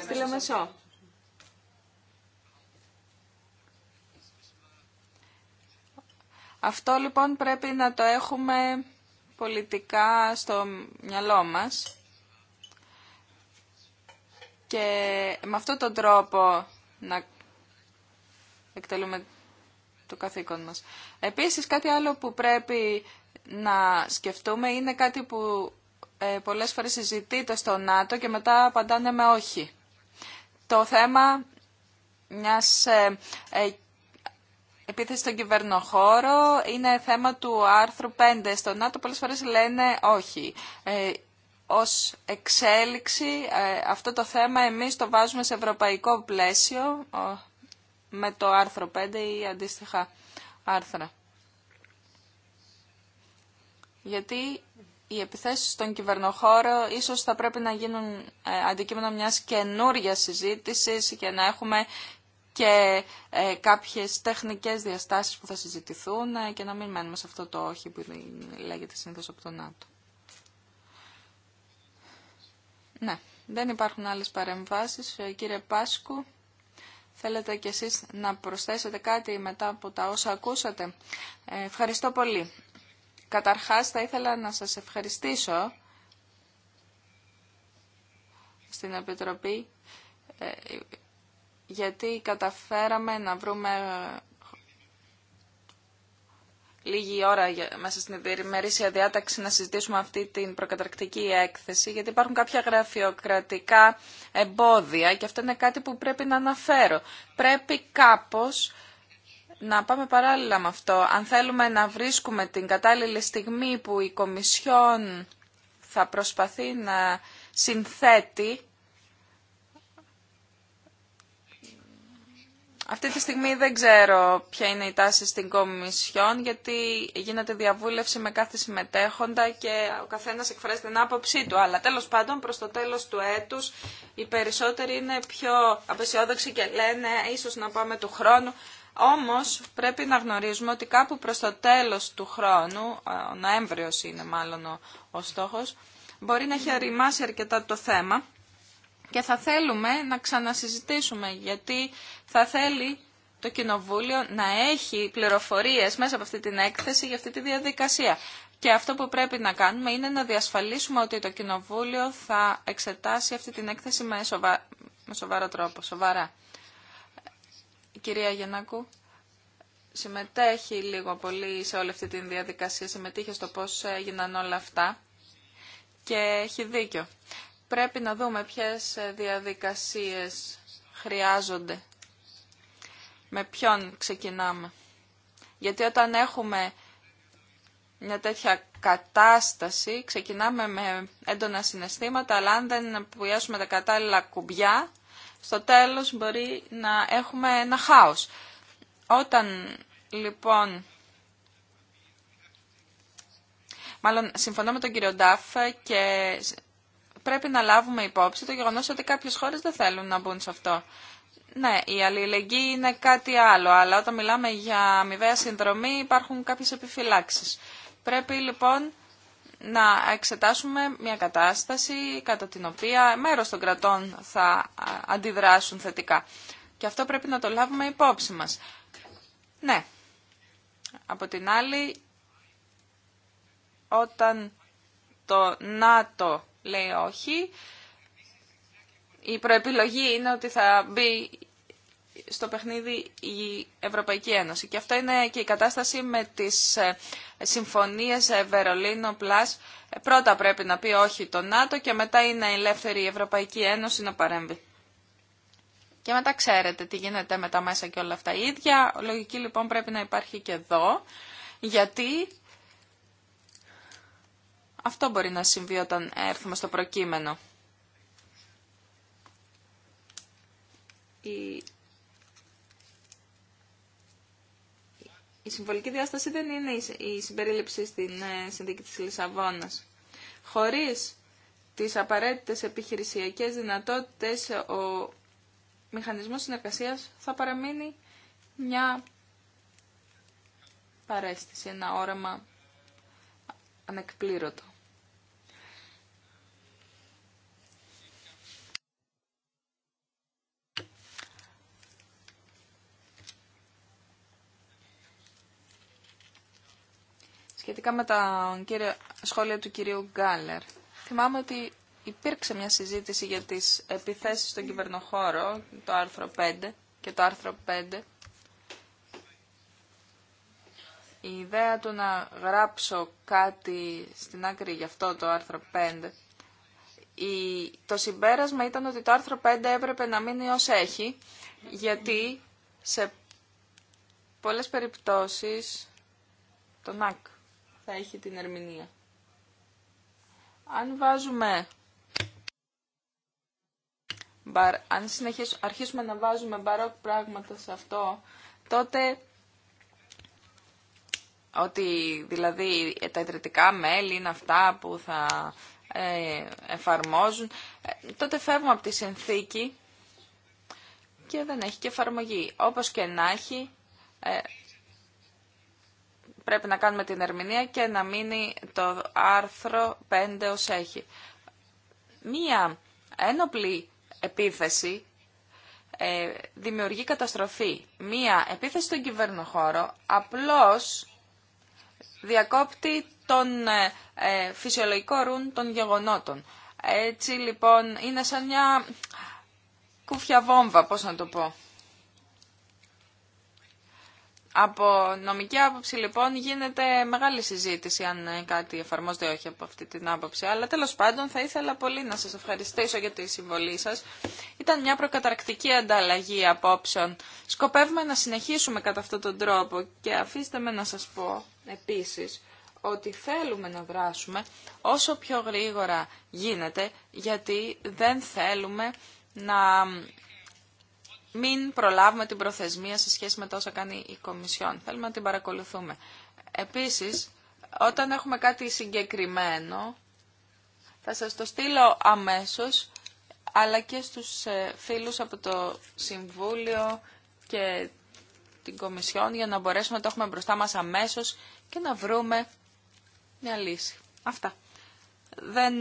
στη Λεμεσό. Αυτό λοιπόν πρέπει να το έχουμε πολιτικά στο μυαλό μας και με αυτόν τον τρόπο να εκτελούμε το καθήκον μας. Επίσης κάτι άλλο που πρέπει να σκεφτούμε είναι κάτι που ε, πολλές φορές συζητείται στο ΝΑΤΟ και μετά απαντάνε με όχι. Το θέμα μιας ε, ε, επίθεσης στον κυβερνοχώρο είναι θέμα του άρθρου 5 στο ΝΑΤΟ. Πολλές φορές λένε όχι. Ε, ως εξέλιξη ε, αυτό το θέμα εμείς το βάζουμε σε ευρωπαϊκό πλαίσιο με το άρθρο 5 ή αντίστοιχα άρθρα. Γιατί οι επιθέσεις στον κυβερνοχώρο ίσως θα πρέπει να γίνουν ε, αντικείμενο μιας καινούρια συζήτησης και να έχουμε και ε, κάποιες τεχνικές διαστάσεις που θα συζητηθούν ε, και να μην μένουμε σε αυτό το όχι που λέγεται συνήθως από τον ΝΑΤΟ. Ναι, δεν υπάρχουν άλλες παρεμβάσεις. Κύριε Πάσκου, Θέλετε κι εσείς να προσθέσετε κάτι μετά από τα όσα ακούσατε. Ε, ευχαριστώ πολύ. Καταρχάς θα ήθελα να σας ευχαριστήσω στην Επιτροπή ε, γιατί καταφέραμε να βρούμε λίγη ώρα μέσα στην ημερήσια διάταξη να συζητήσουμε αυτή την προκαταρκτική έκθεση, γιατί υπάρχουν κάποια γραφειοκρατικά εμπόδια και αυτό είναι κάτι που πρέπει να αναφέρω. Πρέπει κάπως να πάμε παράλληλα με αυτό. Αν θέλουμε να βρίσκουμε την κατάλληλη στιγμή που η Κομισιόν θα προσπαθεί να συνθέτει Αυτή τη στιγμή δεν ξέρω ποια είναι η τάση στην Κομισιόν, γιατί γίνεται διαβούλευση με κάθε συμμετέχοντα και ο καθένας εκφράζει την άποψή του. Αλλά τέλος πάντων προς το τέλος του έτους οι περισσότεροι είναι πιο απεσιόδοξοι και λένε ίσως να πάμε του χρόνου. Όμως πρέπει να γνωρίζουμε ότι κάπου προς το τέλος του χρόνου, ε, ο Νοέμβριο είναι μάλλον ο, στόχος, μπορεί να έχει αρρημάσει αρκετά το θέμα και θα θέλουμε να ξανασυζητήσουμε γιατί θα θέλει το Κοινοβούλιο να έχει πληροφορίες μέσα από αυτή την έκθεση για αυτή τη διαδικασία. Και αυτό που πρέπει να κάνουμε είναι να διασφαλίσουμε ότι το Κοινοβούλιο θα εξετάσει αυτή την έκθεση με, σοβαρό τρόπο, σοβαρά. Κυρία Γεννάκου, συμμετέχει λίγο πολύ σε όλη αυτή τη διαδικασία, συμμετείχε στο πώς έγιναν όλα αυτά και έχει δίκιο πρέπει να δούμε ποιες ε, διαδικασίες χρειάζονται. Με ποιον ξεκινάμε. Γιατί όταν έχουμε μια τέτοια κατάσταση, ξεκινάμε με έντονα συναισθήματα, αλλά αν δεν πουλιάσουμε τα κατάλληλα κουμπιά, στο τέλος μπορεί να έχουμε ένα χάος. Όταν λοιπόν... Μάλλον συμφωνώ με τον κύριο Ντάφ και πρέπει να λάβουμε υπόψη το γεγονό ότι κάποιε χώρε δεν θέλουν να μπουν σε αυτό. Ναι, η αλληλεγγύη είναι κάτι άλλο, αλλά όταν μιλάμε για αμοιβαία συνδρομή υπάρχουν κάποιες επιφυλάξεις. Πρέπει λοιπόν να εξετάσουμε μια κατάσταση κατά την οποία μέρος των κρατών θα αντιδράσουν θετικά. Και αυτό πρέπει να το λάβουμε υπόψη μας. Ναι. Από την άλλη, όταν το ΝΑΤΟ λέει όχι. Η προεπιλογή είναι ότι θα μπει στο παιχνίδι η Ευρωπαϊκή Ένωση. Και αυτό είναι και η κατάσταση με τις ε, συμφωνίες ε, Βερολίνο Plus. Ε, πρώτα πρέπει να πει όχι το ΝΑΤΟ και μετά είναι η ελεύθερη Ευρωπαϊκή Ένωση να παρέμβει. Και μετά ξέρετε τι γίνεται με τα μέσα και όλα αυτά. Η ίδια λογική λοιπόν πρέπει να υπάρχει και εδώ, γιατί αυτό μπορεί να συμβεί όταν έρθουμε στο προκείμενο. Η... συμβολική διάσταση δεν είναι η συμπερίληψη στην ε, συνδίκη της Λισαβόνας. Χωρίς τις απαραίτητες επιχειρησιακές δυνατότητες, ο μηχανισμός συνεργασίας θα παραμείνει μια παρέστηση, ένα όραμα ανεκπλήρωτο. Σχετικά με τα σχόλια του κυρίου Γκάλερ. Θυμάμαι ότι υπήρξε μια συζήτηση για τις επιθέσεις στον κυβερνοχώρο, το άρθρο 5 και το άρθρο 5. Η ιδέα του να γράψω κάτι στην άκρη για αυτό το άρθρο 5, η, το συμπέρασμα ήταν ότι το άρθρο 5 έπρεπε να μείνει ως έχει, γιατί σε πολλές περιπτώσεις το ΝΑΚ θα έχει την ερμηνεία. Αν βάζουμε... Αν αρχίσουμε να βάζουμε μπαρόκ πράγματα σε αυτό, τότε ότι δηλαδή τα ιδρυτικά μέλη είναι αυτά που θα ε, εφαρμόζουν, ε, τότε φεύγουμε από τη συνθήκη και δεν έχει και εφαρμογή. Όπως και να έχει, ε, πρέπει να κάνουμε την ερμηνεία και να μείνει το άρθρο 5 ως έχει. Μία ένοπλη επίθεση ε, δημιουργεί καταστροφή. Μία επίθεση στον κυβερνοχώρο απλώς διακόπτει τον ε, ε, φυσιολογικό ρουν των γεγονότων. Έτσι λοιπόν είναι σαν μια κουφιά βόμβα, πώς να το πω. Από νομική άποψη λοιπόν γίνεται μεγάλη συζήτηση αν ε, κάτι εφαρμόζεται όχι από αυτή την άποψη. Αλλά τέλος πάντων θα ήθελα πολύ να σας ευχαριστήσω για τη συμβολή σας. Ήταν μια προκαταρκτική ανταλλαγή απόψεων. Σκοπεύουμε να συνεχίσουμε κατά αυτόν τον τρόπο και αφήστε με να σας πω επίσης ότι θέλουμε να δράσουμε όσο πιο γρήγορα γίνεται γιατί δεν θέλουμε να μην προλάβουμε την προθεσμία σε σχέση με τόσα κάνει η Κομισιόν. Θέλουμε να την παρακολουθούμε. Επίσης, όταν έχουμε κάτι συγκεκριμένο, θα σας το στείλω αμέσως, αλλά και στους ε, φίλους από το Συμβούλιο και την Κομισιόν, για να μπορέσουμε να το έχουμε μπροστά μας αμέσως και να βρούμε μια λύση. Αυτά. Δεν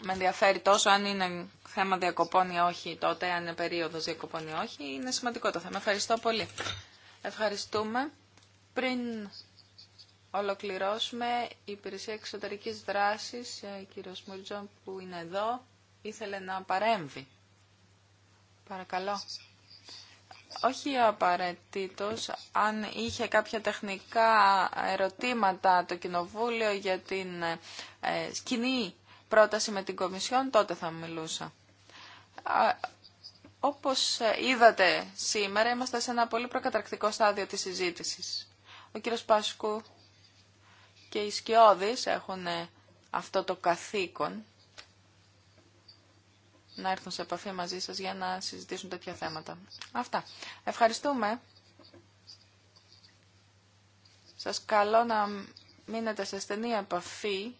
με ενδιαφέρει τόσο αν είναι θέμα διακοπών ή όχι τότε, αν είναι περίοδος διακοπών ή όχι, είναι σημαντικό το θέμα. Ευχαριστώ πολύ. Ευχαριστούμε. Πριν ολοκληρώσουμε, η Υπηρεσία Εξωτερικής Δράσης, ε, κύριος Μουρτζόν που είναι εδώ, ήθελε να παρέμβει. Παρακαλώ. Όχι απαραίτητο. Αν είχε κάποια τεχνικά ερωτήματα το θεμα ευχαριστω πολυ ευχαριστουμε πριν ολοκληρωσουμε η υπηρεσια εξωτερικης δρασης κύριο μουρτζον που ειναι εδω ηθελε να παρεμβει παρακαλω οχι απαραιτητο αν ειχε καποια τεχνικα ερωτηματα το κοινοβουλιο για την ε, σκηνή πρόταση με την Κομισιόν, τότε θα μιλούσα. Όπως είδατε σήμερα, είμαστε σε ένα πολύ προκαταρκτικό στάδιο της συζήτησης. Ο κύριος Πάσκου και οι Σκιώδης έχουν αυτό το καθήκον να έρθουν σε επαφή μαζί σας για να συζητήσουν τέτοια θέματα. Αυτά. Ευχαριστούμε. Σας καλώ να μείνετε σε στενή επαφή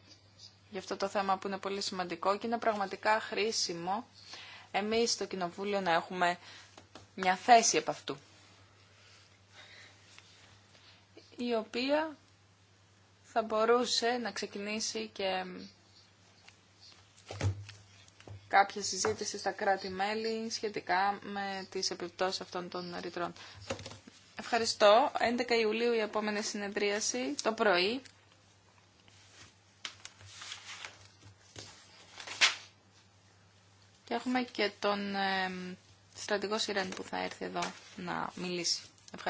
για αυτό το θέμα που είναι πολύ σημαντικό και είναι πραγματικά χρήσιμο εμείς στο Κοινοβούλιο να έχουμε μια θέση επ' αυτού. Η οποία θα μπορούσε να ξεκινήσει και κάποια συζήτηση στα κράτη-μέλη σχετικά με τις επιπτώσεις αυτών των ρητρών. Ευχαριστώ. 11 Ιουλίου η επόμενη συνεδρίαση το πρωί. Και έχουμε και τον ε, στρατηγό Σιρέν που θα έρθει εδώ να μιλήσει.